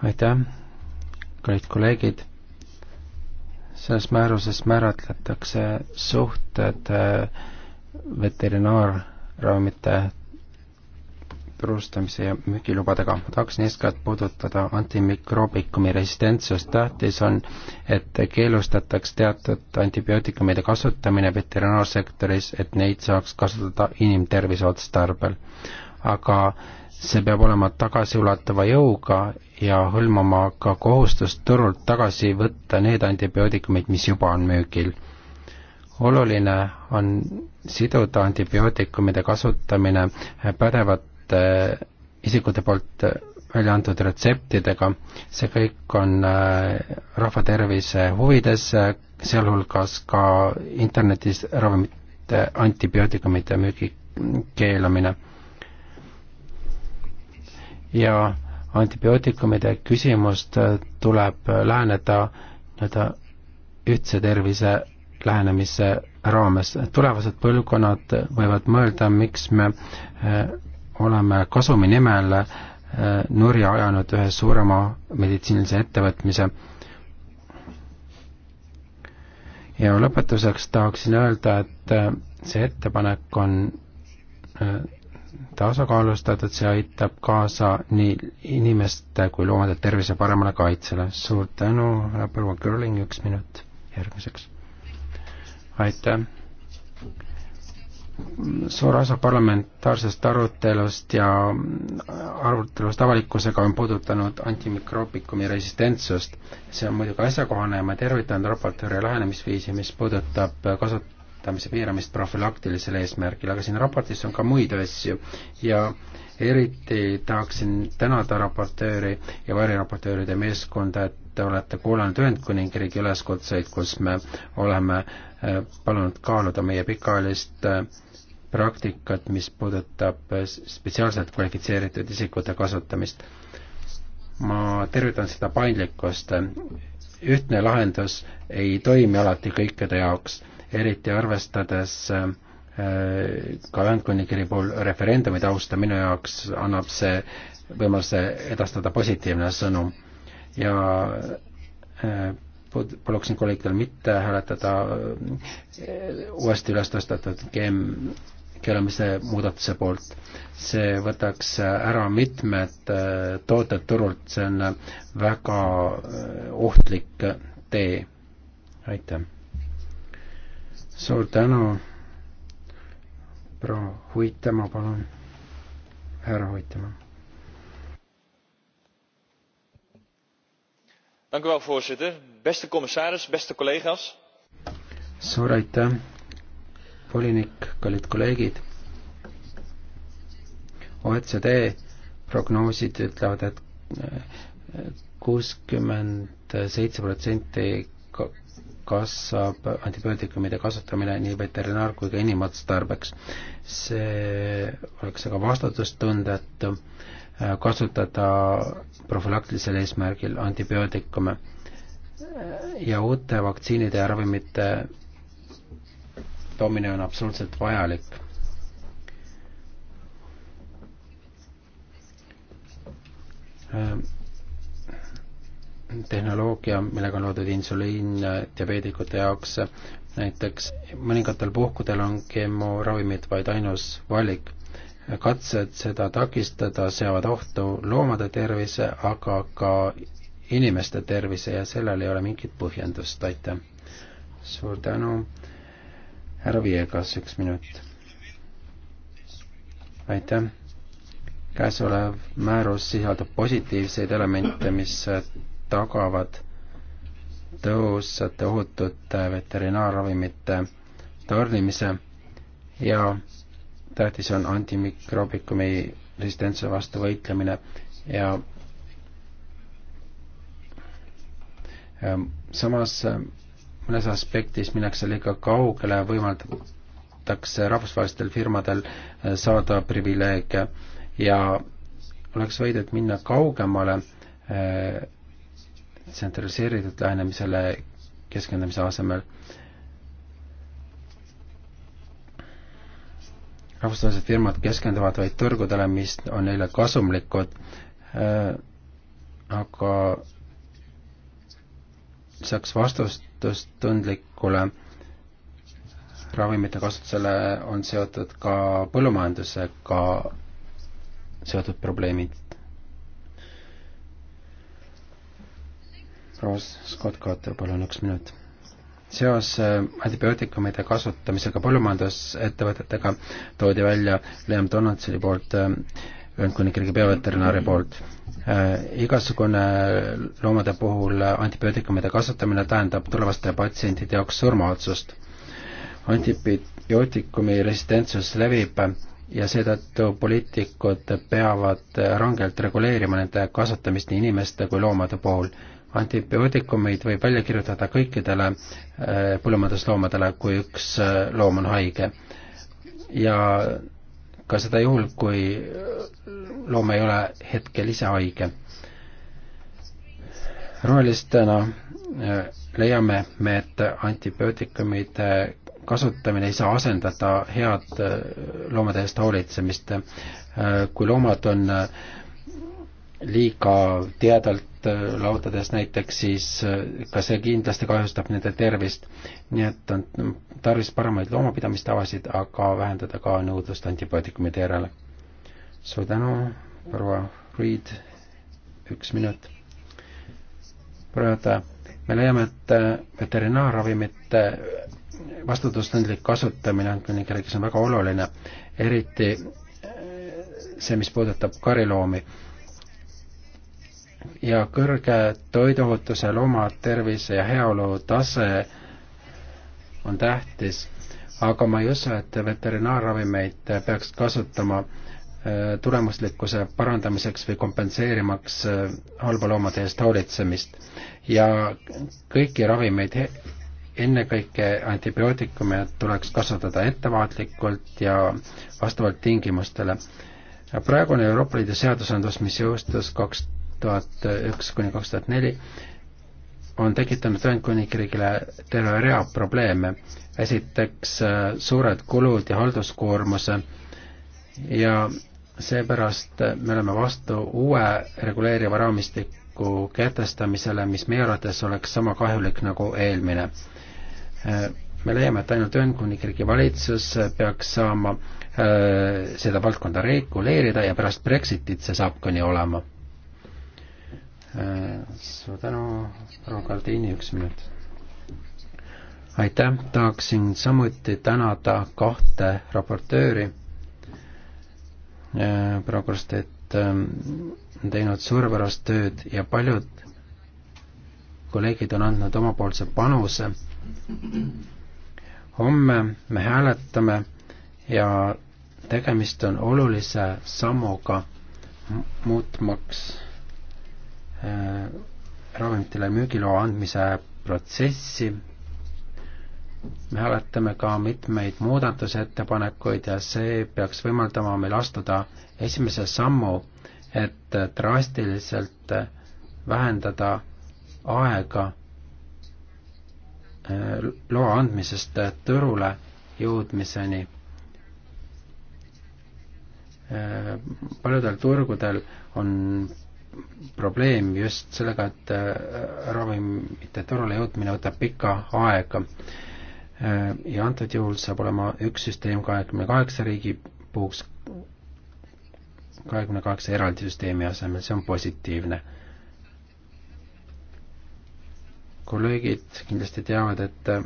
aitäh, kallid kolleegid. selles määruses määratletakse suhted äh, veterinaarravimite turustamise ja müügilubadega. tahaksin eeskätt puudutada antimikroobikumi resistentsust. tähtis on, et keelustataks teatud antibiootikumide kasutamine veterinaarsektoris, et neid saaks kasutada inimtervise otstarbel. aga see peab olema tagasiulatuva jõuga ja hõlmama ka kohustust turult tagasi võtta need antibiootikumid, mis juba on müügil oluline on siduda antibiootikumide kasutamine pädevat erinevate isikute poolt välja antud retseptidega, see kõik on äh, rahva tervise huvides, äh, sealhulgas ka internetis ravimite, antibiootikumide müügi keelamine. ja antibiootikumide küsimust äh, tuleb läheneda nii-öelda ühtse tervise lähenemise raames. tulevased põlvkonnad võivad mõelda, miks me oleme kasumi nimel äh, nurja ajanud ühe suurema meditsiinilise ettevõtmise. ja lõpetuseks tahaksin öelda, et äh, see ettepanek on äh, tasakaalustatud, see aitab kaasa nii inimeste kui loomade tervise paremale kaitsele. suur tänu, Rapelma Curling, üks minut järgmiseks. aitäh! suur osa parlamentaarsest arutelust ja arutelust avalikkusega on puudutanud antimikroobikumi resistentsust. see on muidugi asjakohane ja ma tervitan raportööri lähenemisviisi, mis puudutab kasutamise piiramist profülaktilisel eesmärgil, aga siin raportis on ka muid asju ja eriti tahaksin tänada raportööri ja variraportööride meeskonda, et te olete kuulanud Ühendkuningriigi üleskutseid, kus me oleme eh, palunud kaaluda meie pikaajalist eh, praktikat, mis puudutab spetsiaalselt kvalifitseeritud isikute kasutamist. ma tervitan seda paindlikkust. ühtne lahendus ei toimi alati kõikide jaoks, eriti arvestades äh, ka Ühendkuningriigi puhul referendumi tausta, minu jaoks annab see võimaluse edastada positiivne sõnum ja äh, paluksin kolleegidel mitte hääletada äh, uuesti üles tõstetud GM keelamise muudatuse poolt. see võtaks ära mitmed äh, tooted turult, see on väga äh, ohtlik tee. aitäh. suur tänu. proua Huitema, palun. härra Huitema. dank u wel voorzitter beste commissaris beste collega's suur aitäh volinik, kallid kolleegid. OECD prognoosid ütlevad et, et äh, kuuskümmend seitse protsenti kasvab antibiootikumide kasutamine nii veterinaar- kui ka inimotstarbeks. see oleks aga vastutustundetu äh, kasutada profülaktilisel eesmärgil antibiootikume äh, ja uute vaktsiinide ja ravimite toomine on absoluutselt vajalik. tehnoloogia, millega on loodud insuliin diabeedikute jaoks, näiteks mõningatel puhkudel on GMO ravimid vaid ainus valik. katsed seda takistada seavad ohtu loomade tervise, aga ka inimeste tervise ja sellel ei ole mingit põhjendust, aitäh. suur tänu härra Viegas, üks minut. aitäh. käesolev määrus sisaldab positiivseid elemente, mis tagavad tõhusate ohutute veterinaarravimite tarnimise ja tähtis on antimikroobikumi resistentsuse vastu võitlemine ja samas mõnes aspektis minnakse liiga kaugele ja võimaldatakse rahvusvahelistel firmadel äh, saada privileege ja oleks võidud minna kaugemale äh, tsentraliseeritud lähenemisele keskendumise asemel. rahvusvahelised firmad keskenduvad vaid turgudele, mis on neile kasumlikud, äh, aga saaks vastust vastutustundlikule ravimite kasutusele on seotud ka põllumajandusega seotud probleemid. proua Scott Carter, palun üks minut. seos äh, antibiootikumide kasutamisega põllumajandusettevõtetega toodi välja Liam Donaldsoni poolt äh, Ühendkuningriigi peaveterinaari poolt. Äh, igasugune äh, loomade puhul äh, antibiootikumide kasutamine tähendab tulevaste patsientide jaoks surmaotsust. antibiootikumi resistentsus levib ja seetõttu poliitikud peavad rangelt reguleerima nende kasutamist nii inimeste kui loomade puhul antibiootikumeid võib välja kirjutada kõikidele põllumajandusloomadele, kui üks loom on haige. ja ka seda juhul, kui loom ei ole hetkel ise haige. rohelistena äh, leiame me, et antibiootikumide äh, kasutamine ei saa asendada head äh, loomade eest hoolitsemist. kui loomad on liiga teadalt äh, lautades näiteks, siis äh, ka see kindlasti kahjustab nende tervist. nii et on tarvis paremaid loomapidamistavasid, aga vähendada ka nõudlust antibiootikumide järele. suur tänu, proua Reed, üks minut. proua juhataja, me leiame, et äh, veterinaarravimite vastutustundlik kasutamine on Ühendkuningriigis on väga oluline, eriti see, mis puudutab kariloomi ja kõrge toiduohutuse, loomatervise ja heaolu tase on tähtis, aga ma ei usu, et veterinaarravimeid peaks kasutama äh, tulemuslikkuse parandamiseks või kompenseerimaks äh, halba loomade eest hoolitsemist. ja kõiki ravimeid, ennekõike antibiootikume tuleks kasutada ettevaatlikult ja vastavalt tingimustele. praegune Euroopa Liidu seadusandlus, mis jõustus kaks tuhat üks kuni kaks tuhat neli on tekitanud Ühendkuningriigile terve rea probleeme. esiteks äh, suured kulud ja halduskoormuse ja seepärast me oleme vastu uue reguleeriva raamistiku kehtestamisele, mis meie arvates oleks sama kahjulik nagu eelmine. Äh, me leiame, et ainult Ühendkuningriigi valitsus peaks saama äh, seda valdkonda reguleerida ja pärast Brexitit see saab ka nii olema Äh, suur tänu, proua Kaldiini, üks minut. aitäh, tahaksin samuti tänada kahte raportööri. proua Korstet on teinud suurepärast tööd ja paljud kolleegid on andnud omapoolse panuse. homme me hääletame ja tegemist on olulise sammuga muutmaks Äh, ravimitele müügiloa andmise protsessi. me hääletame ka mitmeid muudatusettepanekuid ja see peaks võimaldama meil astuda esimese sammu, et drastiliselt vähendada aega äh, loa andmisest turule jõudmiseni. Äh, paljudel turgudel on probleem just sellega, et äh, ravimite turule jõudmine võtab pikka aega. Äh, ja antud juhul saab olema üks süsteem kahekümne kaheksa riigi puhuks kahekümne kaheksa eraldi süsteemi asemel, see on positiivne. kolleegid kindlasti teavad, et äh,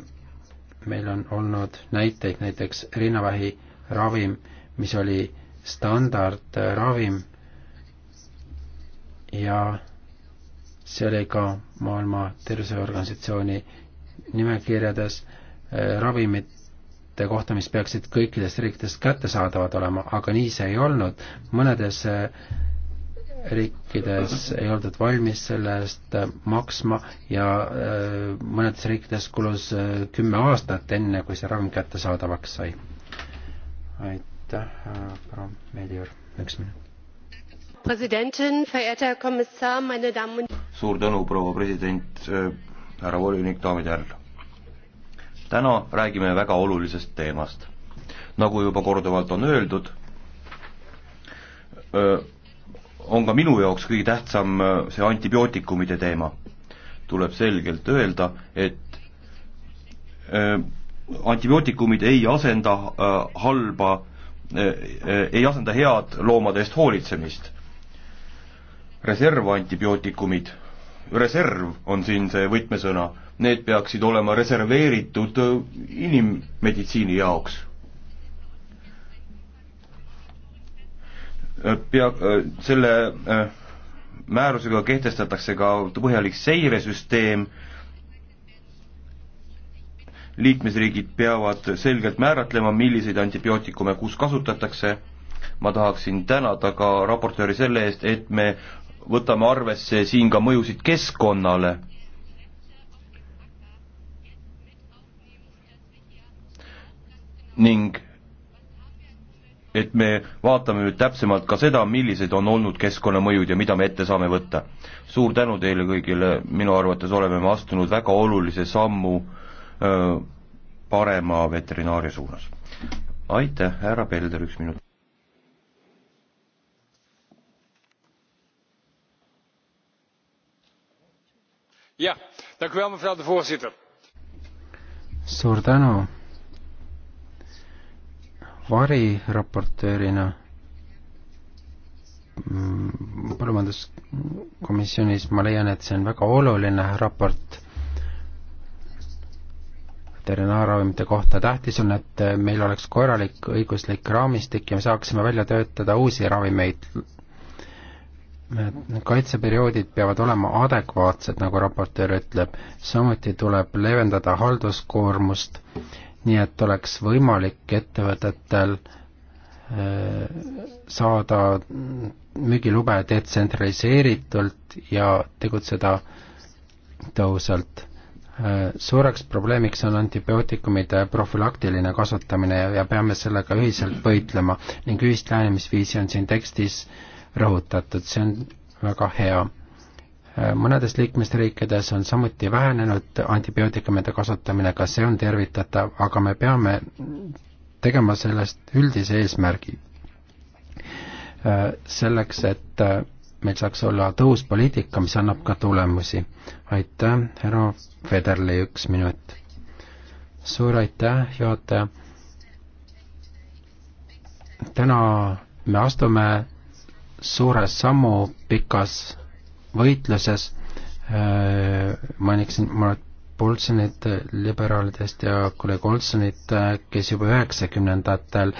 meil on olnud näiteid, näiteks rinnavähi ravim, mis oli standardravim ja see oli ka Maailma Terviseorganisatsiooni nimekirjades eh, ravimite kohta, mis peaksid kõikides riikides kättesaadavad olema, aga nii see ei olnud. mõnedes eh, riikides ei oldud valmis selle eest eh, maksma ja mõnedes riikides kulus kümme aastat, enne kui see ravim kättesaadavaks sai. aitäh, proua Melior, üks minut suur tänu, proua president, äh, härra volinik, daamid ja härrad. täna räägime väga olulisest teemast. nagu juba korduvalt on öeldud, äh, on ka minu jaoks kõige tähtsam äh, see antibiootikumide teema. tuleb selgelt öelda, et antibiootikumid ei asenda halba, ei asenda head loomade eest hoolitsemist reservantibiootikumid, reserv on siin see võtmesõna, need peaksid olema reserveeritud äh, inimmeditsiini jaoks. Äh, pea, äh, selle määrusega kehtestatakse ka põhjalik seiresüsteem, liikmesriigid peavad selgelt määratlema, milliseid antibiootikume kus kasutatakse, ma tahaksin tänada ka raportööri selle eest, et me võtame arvesse siin ka mõjusid keskkonnale. ning et me vaatame nüüd täpsemalt ka seda, millised on olnud keskkonnamõjud ja mida me ette saame võtta. suur tänu teile kõigile, minu arvates oleme me astunud väga olulise sammu öö, parema veterinaaria suunas. aitäh, härra Pelder, üks minut. voorzitter suur tänu variraportöörina mm, põllumajanduskomisjonis ma leian, et see on väga oluline raport veterinaarravimite kohta. tähtis on, et meil oleks korralik õiguslik raamistik ja me saaksime välja töötada uusi ravimeid kaitseperioodid peavad olema adekvaatsed, nagu raportöör ütleb, samuti tuleb leevendada halduskoormust, nii et oleks võimalik ettevõtetel eh, saada müügilube detsentraliseeritult ja tegutseda tõhusalt. Eh, suureks probleemiks on antibiootikumide profülaktiline kasutamine ja peame sellega ühiselt võitlema ning ühist lähenemisviisi on siin tekstis äh, rõhutatud, see on väga hea. Äh, mõnedes liikmesriikides on samuti vähenenud antibiootikumide kasutamine, ka see on tervitatav, aga me peame tegema sellest üldise eesmärgi. Äh, selleks, et äh, meil saaks olla tõhus poliitika, mis annab ka tulemusi. aitäh, härra Federli, üks minut. suur aitäh, juhataja. täna me astume suure sammu pikas võitluses. Äh, mainiksin Mart Polsonit äh, liberaalidest ja kolleeg Olsonit, äh, kes juba üheksakümnendatel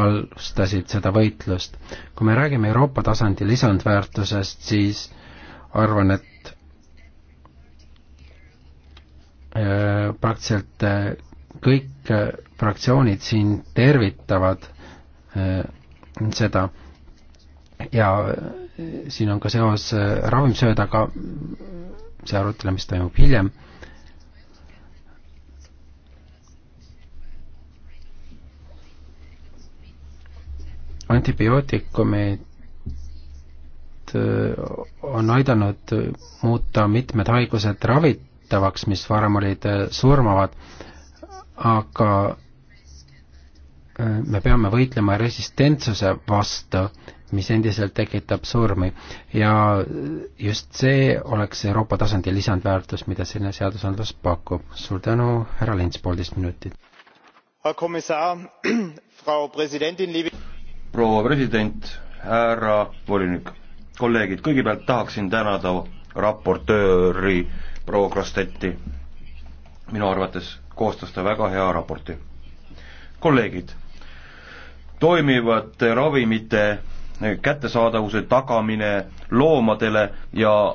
alustasid seda võitlust. kui me räägime Euroopa tasandi lisandväärtusest, siis arvan, et praktiliselt kõik fraktsioonid siin tervitavad seda ja äh, siin on ka seos äh, ravimsöödaga, see arutlemist toimub hiljem antibiootikumid äh, on aidanud muuta mitmed haigused ravitavaks, mis varem olid surmavad, aga me peame võitlema resistentsuse vastu mis endiselt tekitab surmi. ja just see oleks Euroopa tasandil lisandväärtus, mida selline seadusandlus pakub. suur tänu, härra Lints, poolteist minutit. proua president, härra volinik, kolleegid, kõigepealt tahaksin tänada raportööri proua Krostetti. minu arvates koostas ta väga hea raporti. kolleegid, toimivate ravimite kättesaadavuse tagamine loomadele ja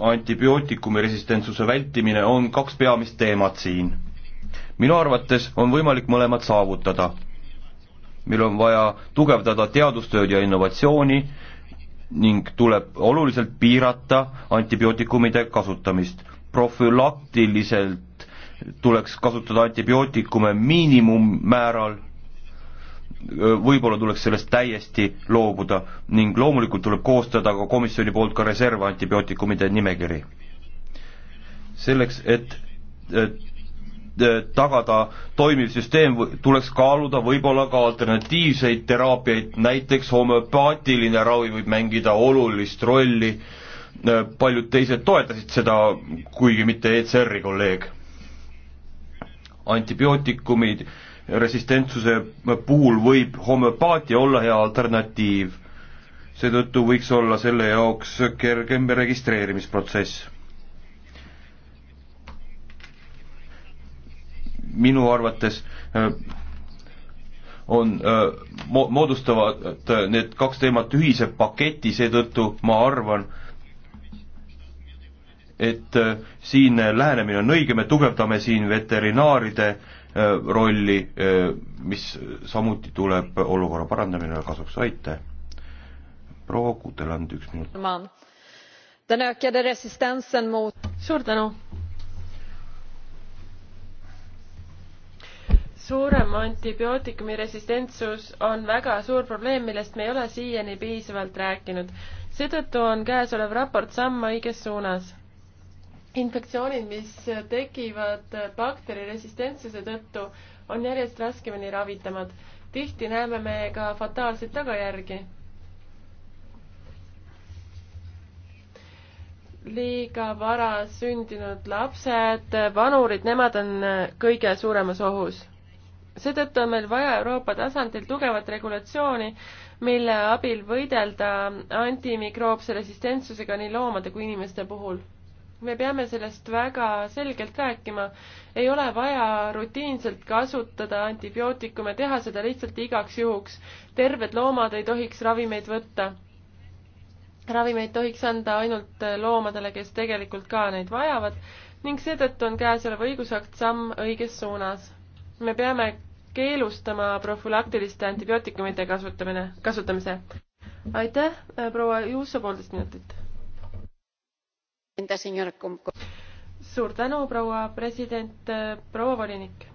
antibiootikumi resistentsuse vältimine on kaks peamist teemat siin. minu arvates on võimalik mõlemad saavutada. meil on vaja tugevdada teadustööd ja innovatsiooni ning tuleb oluliselt piirata antibiootikumide kasutamist. profülaktiliselt tuleks kasutada antibiootikume miinimummääral võib-olla tuleks sellest täiesti loobuda ning loomulikult tuleb koostada ka komisjoni poolt ka reserv antibiootikumide nimekiri. selleks, et, et tagada toimiv süsteem, tuleks kaaluda võib-olla ka alternatiivseid teraapiaid, näiteks homöopaatiline ravi võib mängida olulist rolli, paljud teised toetasid seda, kuigi mitte ECR-i kolleeg. antibiootikumid äh, resistentsuse puhul võib homöopaatia olla hea alternatiiv. seetõttu võiks olla selle jaoks kergem registreerimisprotsess. minu arvates äh, on äh, mo-, moodustavad äh, need kaks teemat ühise paketi, seetõttu ma arvan, et siinne lähenemine on õige, me tugevdame siin veterinaaride äh, Äh, rolli, äh, mis samuti tuleb olukorra parandamine kasuks, aitäh. proua Kuteland, üks minut. suur tänu. suurem antibiootikumi resistentsus on väga suur probleem, millest me ei ole siiani piisavalt rääkinud. seetõttu on käesolev raport samm õiges suunas infektsioonid, mis tekivad bakteriresistentssuse tõttu, on järjest raskemini ravitamad. tihti näeme me ka fataalseid tagajärgi. liiga vara sündinud lapsed, vanurid, nemad on kõige suuremas ohus. seetõttu on meil vaja Euroopa tasandil tugevat regulatsiooni, mille abil võidelda antimikroopse resistentsusega nii loomade kui inimeste puhul me peame sellest väga selgelt rääkima. ei ole vaja rutiinselt kasutada antibiootikume, teha seda lihtsalt igaks juhuks. terved loomad ei tohiks ravimeid võtta. ravimeid tohiks anda ainult loomadele, kes tegelikult ka neid vajavad ning seetõttu on käesolev õigusakt samm õiges suunas. me peame keelustama profülaktiliste antibiootikumide kasutamine, kasutamise. aitäh, proua Juuso, poolteist minutit suur tänu, proua president, proua volinik.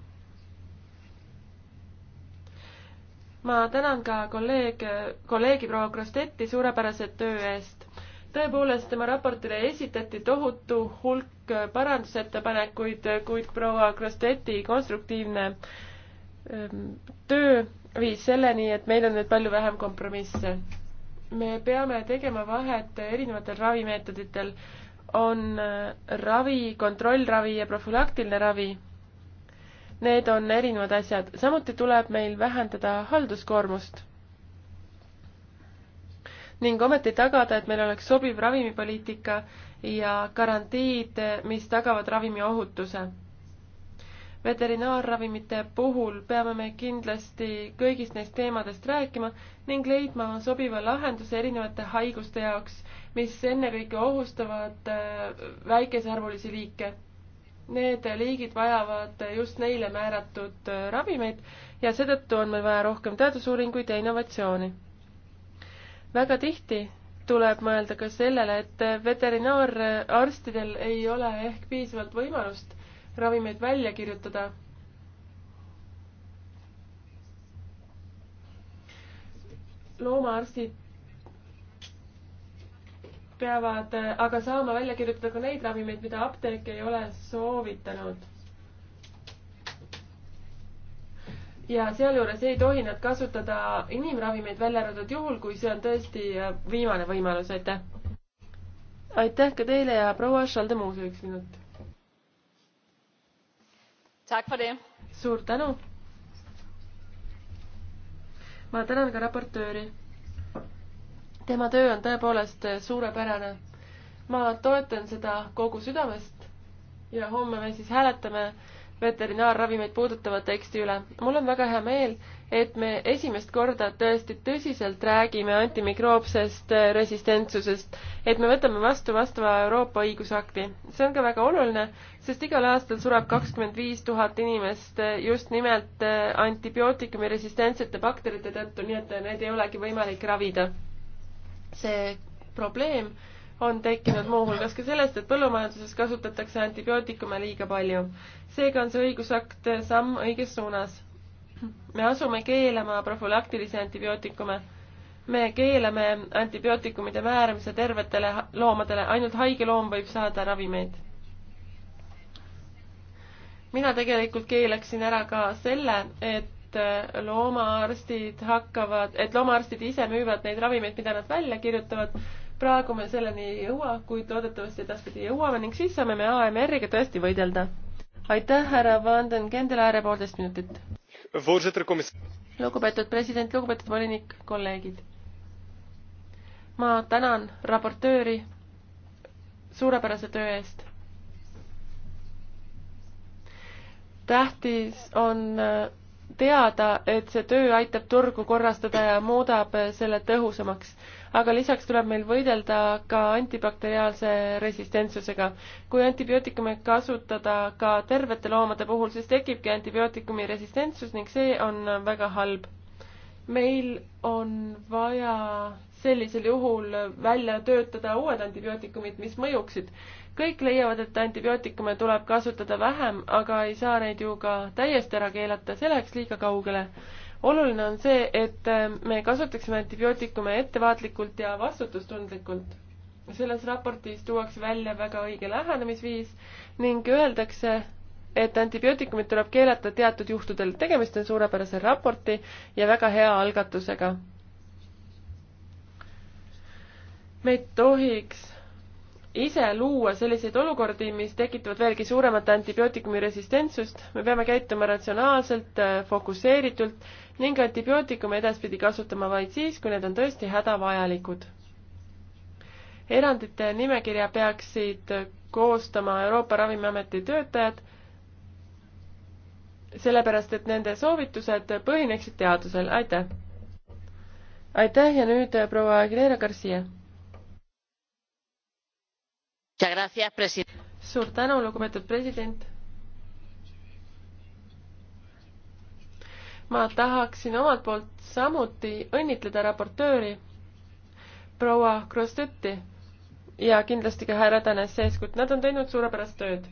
ma tänan ka kolleeg, kolleegi proua Krostetti suurepärase töö eest. tõepoolest, tema raportile esitati tohutu hulk parandusettepanekuid, kuid proua Krosteti konstruktiivne ehm, töö viis selleni, et meil on nüüd palju vähem kompromisse. me peame tegema vahet erinevatel ravimeetoditel on äh, ravi, kontrollravi ja profülaktiline ravi. Need on erinevad asjad, samuti tuleb meil vähendada halduskoormust. ning ometi tagada, et meil oleks sobiv ravimipoliitika ja garantiid, mis tagavad ravimi ohutuse veterinaarravimite puhul peame me kindlasti kõigist neist teemadest rääkima ning leidma sobiva lahenduse erinevate haiguste jaoks, mis ennekõike ohustavad äh, väikesearvulisi liike. Need liigid vajavad just neile määratud äh, ravimeid ja seetõttu on meil vaja rohkem teadusuuringuid ja innovatsiooni. väga tihti tuleb mõelda ka sellele, et veterinaararstidel ei ole ehk piisavalt võimalust ravimeid välja kirjutada. loomaarstid peavad aga saama välja kirjutada ka neid ravimeid, mida apteek ei ole soovitanud. ja sealjuures ei tohi nad kasutada inimravimeid, välja arvatud juhul, kui see on tõesti viimane võimalus, aitäh. aitäh ka teile ja proua Šaldemuuse üks minut suur tänu. ma tänan ka raportööri. tema töö on tõepoolest suurepärane. ma toetan seda kogu südamest ja homme me siis hääletame veterinaarravimeid puudutava teksti üle. mul on väga hea meel, et me esimest korda tõesti tõsiselt räägime antimikroopsest äh, resistentsusest, et me võtame vastu vastava Euroopa õigusakti. see on ka väga oluline, sest igal aastal sureb kakskümmend viis tuhat inimest äh, just nimelt äh, antibiootikumi resistentsete bakterite tõttu, nii et neid ei olegi võimalik ravida. see probleem on tekkinud muuhulgas ka sellest, et põllumajanduses kasutatakse antibiootikume liiga palju. seega on see õigusakt samm õiges suunas me asume keelama profülaktilisi antibiootikume. me keelame antibiootikumide määramise tervetele loomadele, ainult haige loom võib saada ravimeid. mina tegelikult keelaksin ära ka selle, et äh, loomaarstid hakkavad, et loomaarstid ise müüvad neid ravimeid, mida nad välja kirjutavad. praegu me selleni ei jõua, kuid loodetavasti edaspidi jõuame ning siis saame me AMR-iga tõesti võidelda. aitäh, härra Vanden Kendel, ääre poolteist minutit voorzitter, commissaris. lugupeetud president, lugupeetud volinik, kolleegid. ma tänan raportööri suurepärase töö eest. tähtis on äh, teada, et see töö aitab turgu korrastada ja muudab äh, selle tõhusamaks aga lisaks tuleb meil võidelda ka antibakteriaalse resistentsusega. kui antibiootikume kasutada ka tervete loomade puhul, siis tekibki antibiootikumi resistentsus ning see on väga halb. meil on vaja sellisel juhul välja töötada uued antibiootikumid, mis mõjuksid. kõik leiavad, et antibiootikume tuleb kasutada vähem, aga ei saa neid ju ka täiesti ära keelata, see läheks liiga kaugele oluline on see, et äh, me kasutaksime antibiootikume ettevaatlikult ja vastutustundlikult. selles raportis tuuakse välja väga õige lähenemisviis ning öeldakse, et antibiootikumid tuleb keelata teatud juhtudel. tegemist on suurepärase raporti ja väga hea algatusega. me ei tohiks ise luua selliseid olukordi, mis tekitavad veelgi suuremat antibiootikumi resistentsust. me peame käituma ratsionaalselt, äh, fokusseeritult ning antibiootikume edaspidi kasutama vaid siis, kui need on tõesti hädavajalikud. erandite nimekirja peaksid koostama Euroopa Ravimiameti töötajad, sellepärast et nende soovitused põhineksid teadusel, aitäh! aitäh ja nüüd äh, proua Aguilera Garcia. suur tänu, lugupeetud president ma tahaksin omalt poolt samuti õnnitleda raportööri proua Krostetti ja kindlasti ka härra Tänes Seeskut, nad on teinud suurepärast tööd.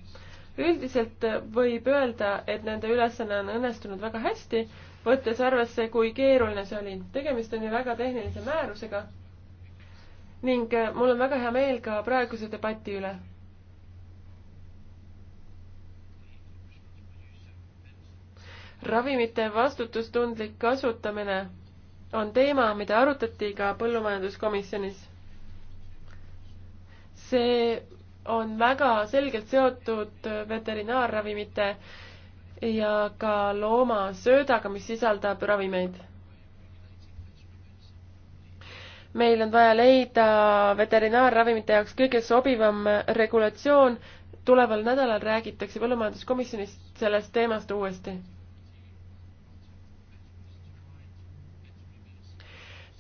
üldiselt võib öelda, et nende ülesanne on õnnestunud väga hästi, võttes arvesse, kui keeruline see oli. tegemist on ju väga tehnilise määrusega ning mul on väga hea meel ka praeguse debati üle ravimite vastutustundlik kasutamine on teema, mida arutati ka põllumajanduskomisjonis. see on väga selgelt seotud veterinaarravimite ja ka loomasöödaga, mis sisaldab ravimeid. meil on vaja leida veterinaarravimite jaoks kõige sobivam regulatsioon. tuleval nädalal räägitakse põllumajanduskomisjonis sellest teemast uuesti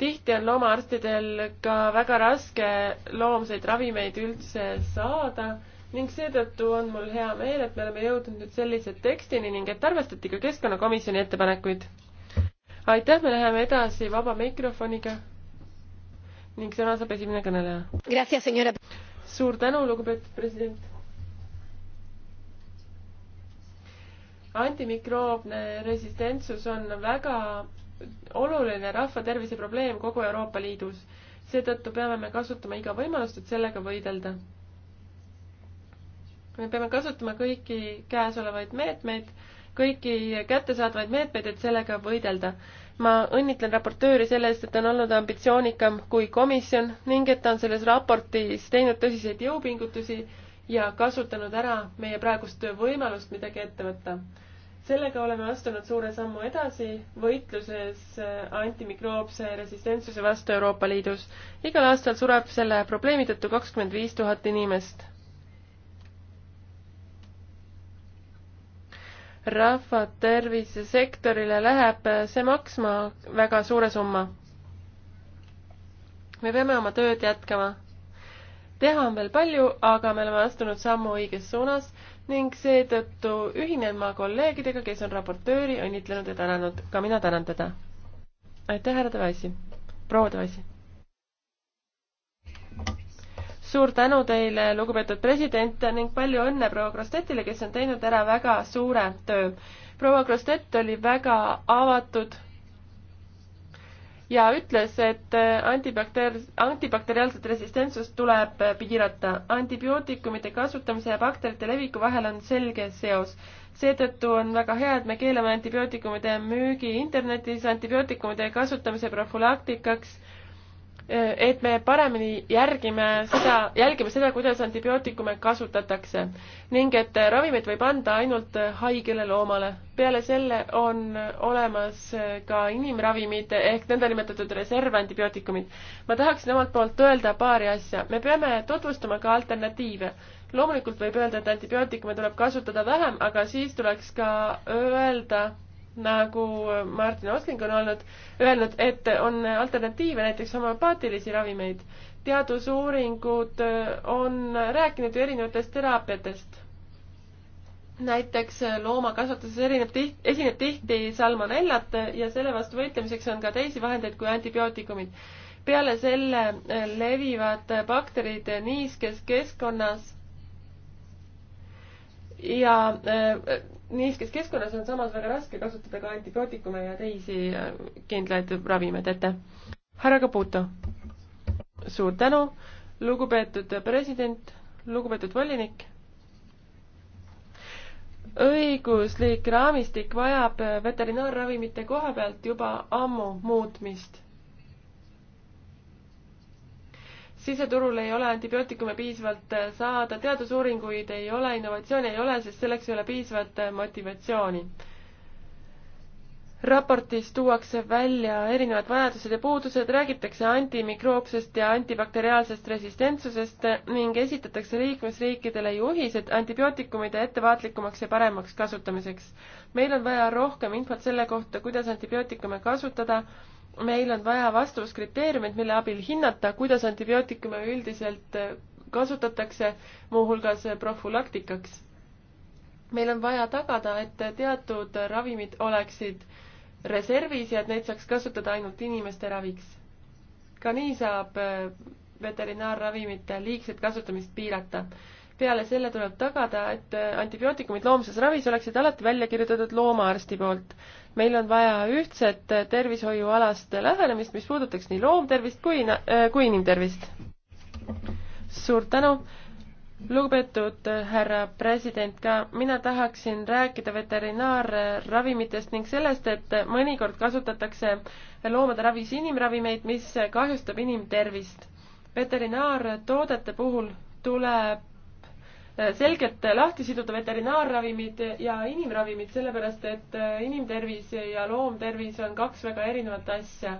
tihti on loomaarstidel ka väga raske loomseid ravimeid üldse saada ning seetõttu on mul hea meel, et me oleme jõudnud nüüd sellise tekstini ning et arvestati ka Keskkonnakomisjoni ettepanekuid. aitäh, me läheme edasi vaba mikrofoniga ning sõna saab esimene kõneleja. suur tänu, lugupeetud president. antimikroobne resistentsus on väga oluline rahvatervise probleem kogu Euroopa Liidus. seetõttu peame me kasutama iga võimalust, et sellega võidelda. me peame kasutama kõiki käesolevaid meetmeid, kõiki kättesaadavaid meetmeid, et sellega võidelda. ma õnnitlen raportööri selle eest, et ta on olnud ambitsioonikam kui komisjon ning et ta on selles raportis teinud tõsiseid jõupingutusi ja kasutanud ära meie praegust võimalust midagi ette võtta sellega oleme astunud suure sammu edasi võitluses äh, antimikroobse resistentsuse vastu Euroopa Liidus. igal aastal sureb selle probleemi tõttu kakskümmend viis tuhat inimest. rahvatervise sektorile läheb see maksma väga suure summa. me peame oma tööd jätkama. teha on veel palju, aga me oleme astunud sammu õiges suunas ning seetõttu ühinen ma kolleegidega, kes on raportööri õnnitlenud ja tänanud. ka mina tänan teda. aitäh, härra Devassi, proua Devassi. suur tänu teile, lugupeetud president ning palju õnne proua Krostetile, kes on teinud ära väga suure töö. proua Krostet oli väga avatud ja ütles, et äh, antibakteriaal-, antibakteriaalset resistentsust tuleb äh, piirata. antibiootikumide kasutamise ja bakterite leviku vahel on selge seos. seetõttu on väga hea, et me keelame antibiootikumide müügi internetis antibiootikumide kasutamise profülaktikaks et me paremini järgime seda, jälgime seda, kuidas antibiootikume kasutatakse ning et ravimit võib anda ainult haigele loomale. peale selle on olemas ka inimravimid ehk nõndanimetatud reservantibiootikumid. ma tahaksin omalt poolt öelda paari asja. me peame tutvustama ka alternatiive. loomulikult võib öelda, et antibiootikume tuleb kasutada vähem, aga siis tuleks ka öelda nagu Martin Osling on olnud, öelnud, et on alternatiive, näiteks homöopaatilisi ravimeid. teadusuuringud äh, on rääkinud ju erinevatest teraapiatest. näiteks äh, loomakasvatuses erineb tihti, esineb tihti salmonellat ja selle vastu võitlemiseks on ka teisi vahendeid kui antibiootikumid. peale selle äh, levivad bakterid niiskes keskkonnas ja äh, niiskes keskkonnas on samas väga raske kasutada ka antibiootikume ja teisi äh, kindlaid ravimeid ette. härra Caputo, suur tänu, lugupeetud president, lugupeetud volinik. õiguslik raamistik vajab äh, veterinaarravimite koha pealt juba ammu muutmist siseturul ei ole antibiootikume piisavalt äh, saada, teadusuuringuid ei ole, innovatsiooni ei ole, sest selleks ei ole piisavat äh, motivatsiooni. raportis tuuakse välja erinevad vajadused ja puudused, räägitakse antimikroopsest ja antibakteriaalsest resistentsusest ning esitatakse liikmesriikidele juhised antibiootikumide ettevaatlikumaks ja paremaks kasutamiseks. meil on vaja rohkem infot selle kohta, kuidas antibiootikume kasutada meil on vaja vastavuskriteeriumid, mille abil hinnata, kuidas antibiootikume üldiselt äh, kasutatakse, muuhulgas äh, profülaktikaks. meil on vaja tagada, et äh, teatud ravimid oleksid reservis ja et neid saaks kasutada ainult inimeste raviks. ka nii saab veterinaarravimite liigset kasutamist piirata. peale selle tuleb tagada, et antibiootikumid loomses ravis oleksid alati välja kirjutatud loomaarsti poolt meil on vaja ühtset tervishoiualast lähenemist, mis puudutaks nii loomtervist kui, äh, kui inimtervist. suur tänu, lugupeetud äh, härra president, ka mina tahaksin rääkida veterinaarravimitest ning sellest, et mõnikord kasutatakse loomade ravis inimravimeid, mis kahjustab inimtervist. veterinaartoodete puhul tuleb selgelt lahti siduda veterinaarravimid ja inimravimid, sellepärast et inimtervis ja loomtervis on kaks väga erinevat asja.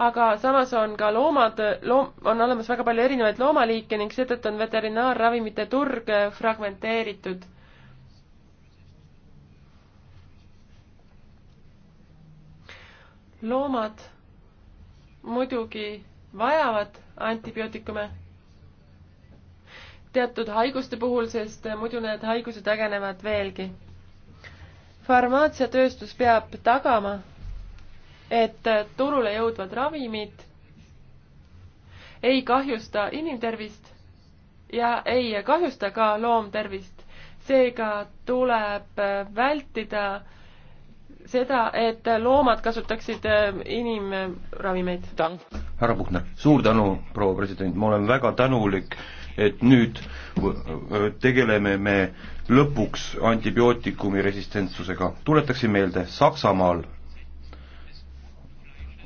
aga samas on ka loomad, loom, on olemas väga palju erinevaid loomaliike ning seetõttu on veterinaarravimite turg fragmenteeritud. loomad muidugi vajavad antibiootikume teatud haiguste puhul, sest muidu need haigused ägenevad veelgi. farmaatsiatööstus peab tagama, et turule jõudvad ravimid ei kahjusta inimtervist ja ei kahjusta ka loomtervist. seega tuleb vältida seda, et loomad kasutaksid äh, inimravimeid. härra Puhner, suur tänu, proua president, ma olen väga tänulik et nüüd äh, tegeleme me lõpuks antibiootikumi resistentsusega. tuletaksin meelde, Saksamaal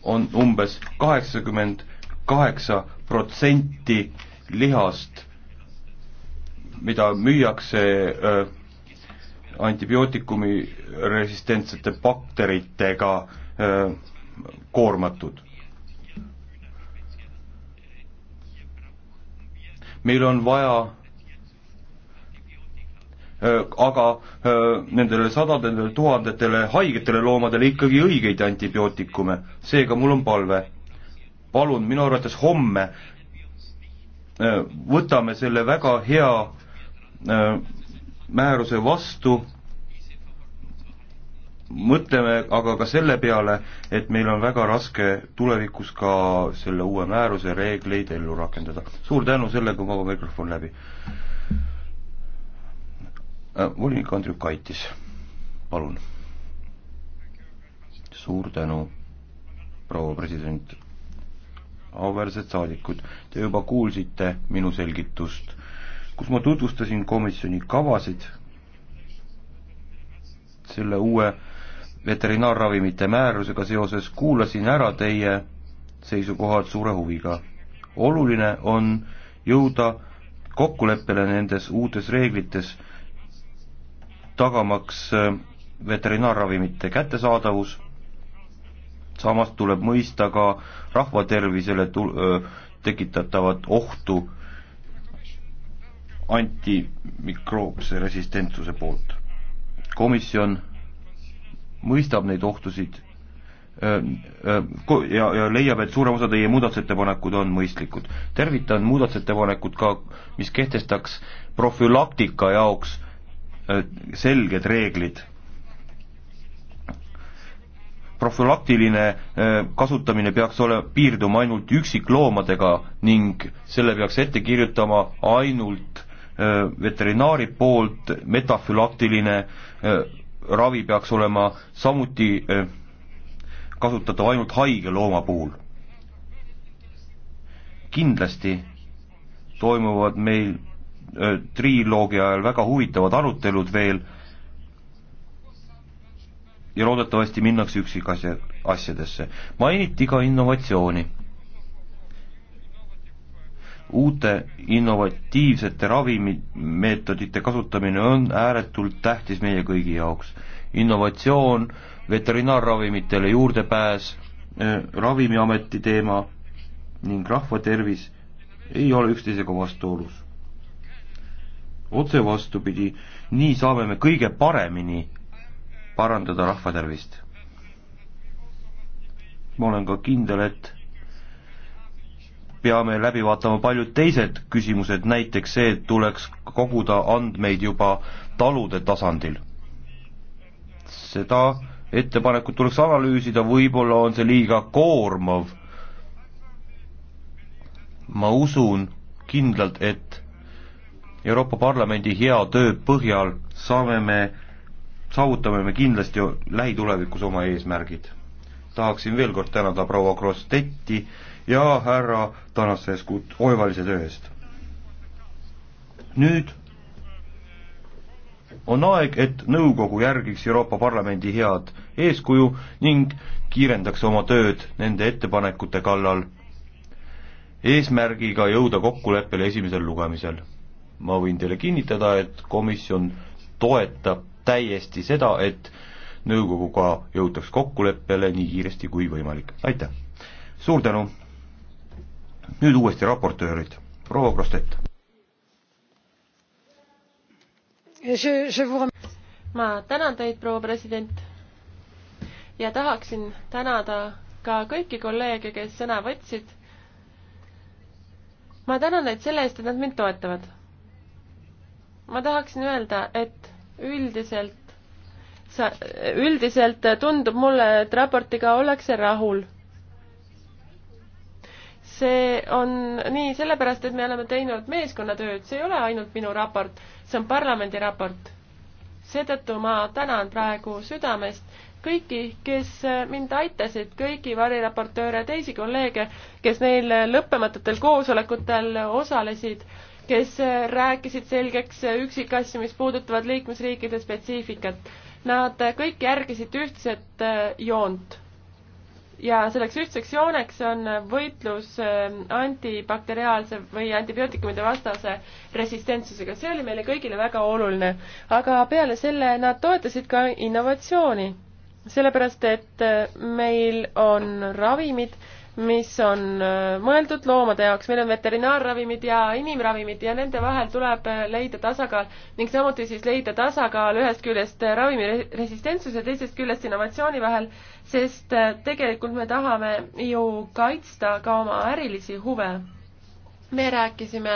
on umbes kaheksakümmend kaheksa protsenti lihast, mida müüakse öö, äh, antibiootikumi resistentsete bakteritega öö, äh, koormatud meil on vaja aga nendele sadadele tuhandetele haigetele loomadele ikkagi õigeid antibiootikume. seega mul on palve, palun minu arvates homme võtame selle väga hea määruse vastu mõtleme aga ka selle peale, et meil on väga raske tulevikus ka selle uue määruse reegleid ellu rakendada. suur tänu, sellega on vaba mikrofon läbi äh,. volinik Andrei Kaitis, palun. suur tänu, proua president. auväärsed saadikud, te juba kuulsite minu selgitust, kus ma tutvustasin komisjoni kavasid selle uue veterinaarravimite määrusega seoses kuulasin ära teie seisukohad suure huviga. oluline on jõuda kokkuleppele nendes uutes reeglites, tagamaks äh, veterinaarravimite kättesaadavus, samas tuleb mõista ka rahvatervisele tul-, äh, tekitatavat ohtu antimikroobse resistentsuse poolt. komisjon mõistab neid ohtusid ja, ja leiab, et suurem osa teie muudatusettepanekud on mõistlikud. tervitan muudatusettepanekut ka, mis kehtestaks profülaktika jaoks selged reeglid. profülaktiline kasutamine peaks ole, piirduma ainult üksikloomadega ning selle peaks ette kirjutama ainult veterinaari poolt metafülaktiline ravi peaks olema samuti eh, kasutatav ainult haige looma puhul. kindlasti toimuvad meil eh, triloogi ajal väga huvitavad arutelud veel ja loodetavasti minnakse üksikasja, asjadesse. mainiti ka innovatsiooni uute innovatiivsete ravimeetodite kasutamine on ääretult tähtis meie kõigi jaoks. innovatsioon, veterinaarravimitele juurdepääs, eh, Ravimiameti teema ning rahvatervis ei ole üksteisega vastuolus. otse vastupidi, nii saame me kõige paremini parandada rahva tervist. ma olen ka kindel, et peame läbi vaatama paljud teised küsimused, näiteks see, et tuleks koguda andmeid juba talude tasandil. seda ettepanekut tuleks analüüsida, võib-olla on see liiga koormav. ma usun kindlalt, et Euroopa Parlamendi hea töö põhjal saame me, saavutame me kindlasti lähitulevikus oma eesmärgid. tahaksin veel kord tänada proua Krostetti, ja härra Tanasseskut oivalise töö eest. nüüd on aeg, et nõukogu järgiks Euroopa Parlamendi head eeskuju ning kiirendaks oma tööd nende ettepanekute kallal, eesmärgiga jõuda kokkuleppele esimesel lugemisel. ma võin teile kinnitada, et komisjon toetab täiesti seda, et nõukoguga jõutaks kokkuleppele nii kiiresti kui võimalik. aitäh! suur tänu! nüüd uuesti raportöörid, proua Krostet. ma tänan teid, proua president ja tahaksin tänada ka kõiki kolleege, kes sõna võtsid. ma tänan neid selle eest, et nad mind toetavad. ma tahaksin öelda, et üldiselt sa, üldiselt tundub mulle, et raportiga ollakse rahul see on nii sellepärast, et me oleme teinud meeskonnatööd, see ei ole ainult minu raport, see on parlamendi raport. seetõttu ma tänan praegu südamest kõiki, kes mind aitasid, kõiki variraportööre, teisi kolleege, kes neil lõppematutel koosolekutel osalesid, kes rääkisid selgeks üksikasju, mis puudutavad liikmesriikide spetsiifikat. Nad kõik järgisid ühtset äh, joont ja selleks ühtseks jooneks on võitlus ähm, antibakteriaalse või antibiootikumide vastase resistentsusega. see oli meile kõigile väga oluline. aga peale selle nad toetasid ka innovatsiooni, sellepärast et äh, meil on ravimid, mis on äh, mõeldud loomade jaoks, meil on veterinaarravimid ja inimravimid ja nende vahel tuleb äh, leida tasakaal ning samuti siis leida tasakaal ühest küljest äh, ravimiresistentsuse, teisest küljest innovatsiooni vahel, sest tegelikult me tahame ju kaitsta ka oma ärilisi huve. me rääkisime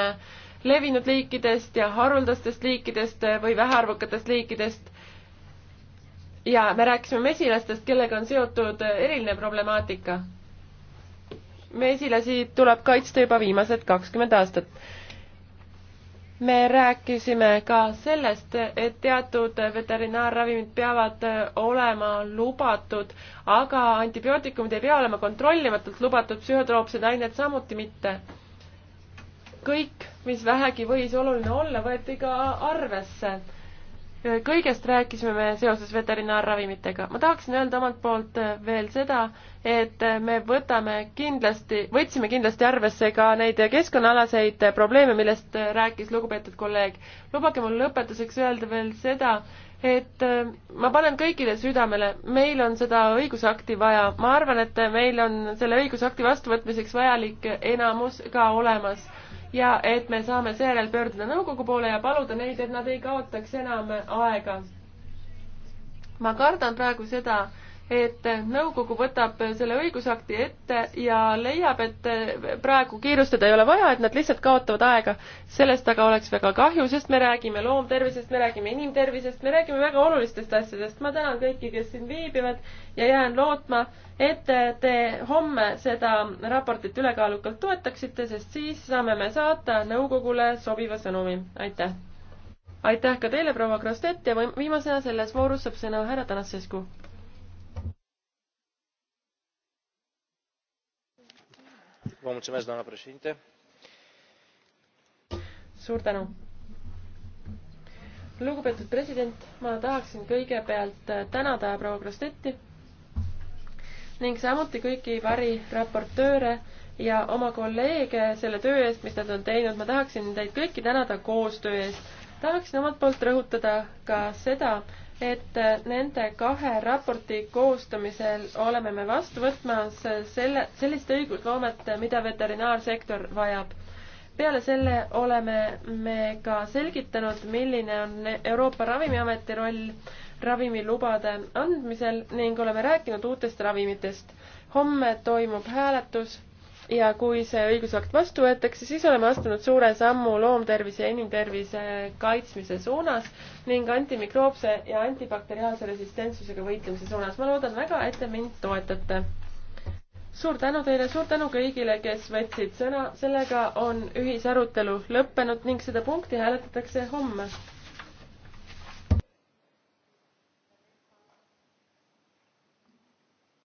levinud liikidest ja haruldastest liikidest või vähearvukatest liikidest ja me rääkisime mesilastest, kellega on seotud eriline problemaatika mesilasi tuleb kaitsta juba viimased kakskümmend aastat. me rääkisime ka sellest, et teatud veterinaarravimid peavad olema lubatud, aga antibiootikumid ei pea olema kontrollimatult lubatud, psühhotroopsed ained samuti mitte. kõik, mis vähegi võis oluline olla, võeti ka arvesse kõigest rääkisime me seoses veterinaarravimitega. ma tahaksin öelda omalt poolt äh, veel seda, et äh, me võtame kindlasti, võtsime kindlasti arvesse ka neid keskkonnaalaseid äh, probleeme, millest rääkis lugupeetud kolleeg. lubage mul lõpetuseks öelda veel seda, et ma panen kõigile südamele, meil on seda õigusakti vaja, ma arvan, et meil on selle õigusakti vastuvõtmiseks vajalik enamus ka olemas ja et me saame seejärel pöörduda nõukogu poole ja paluda neid, et nad ei kaotaks enam aega. ma kardan praegu seda, et nõukogu võtab selle õigusakti ette ja leiab, et praegu kiirustada ei ole vaja, et nad lihtsalt kaotavad aega. sellest aga oleks väga kahju, sest me räägime loomtervisest, me räägime inimtervisest, me räägime väga olulistest asjadest. ma tänan kõiki, kes siin viibivad ja jään lootma, et te homme seda raportit ülekaalukalt toetaksite, sest siis saame me saata nõukogule sobiva sõnumi. aitäh! aitäh ka teile, proua Krostet ja viimasena selles voorus saab sõna härra Tanasescu. doamnă președinte lugupeetud president ma tahaksin kõigepealt tänada proua grostetti ning samuti kõiki variraportööre ja oma kolleege selle töö eest mis nad on teinud ma tahaksin teid kõiki tänada koostöö eest tahaksin omalt poolt rõhutada ka seda et äh, nende kahe raporti koostamisel oleme me vastu võtmas äh, selle, sellist õigusloomet, äh, mida veterinaarsektor vajab. peale selle oleme me ka selgitanud, milline on Euroopa Ravimiameti roll ravimilubade andmisel ning oleme rääkinud uutest ravimitest. homme toimub hääletus ja kui see õigusakt vastu võetakse, siis oleme astunud suure sammu loomtervise ja inimtervise kaitsmise suunas ning antimikroopse ja antibakteriaalse resistentsusega võitlemise suunas. ma loodan väga, et te mind toetate. suur tänu teile, suur tänu kõigile, kes võtsid sõna, sellega on ühisarutelu lõppenud ning seda punkti hääletatakse homme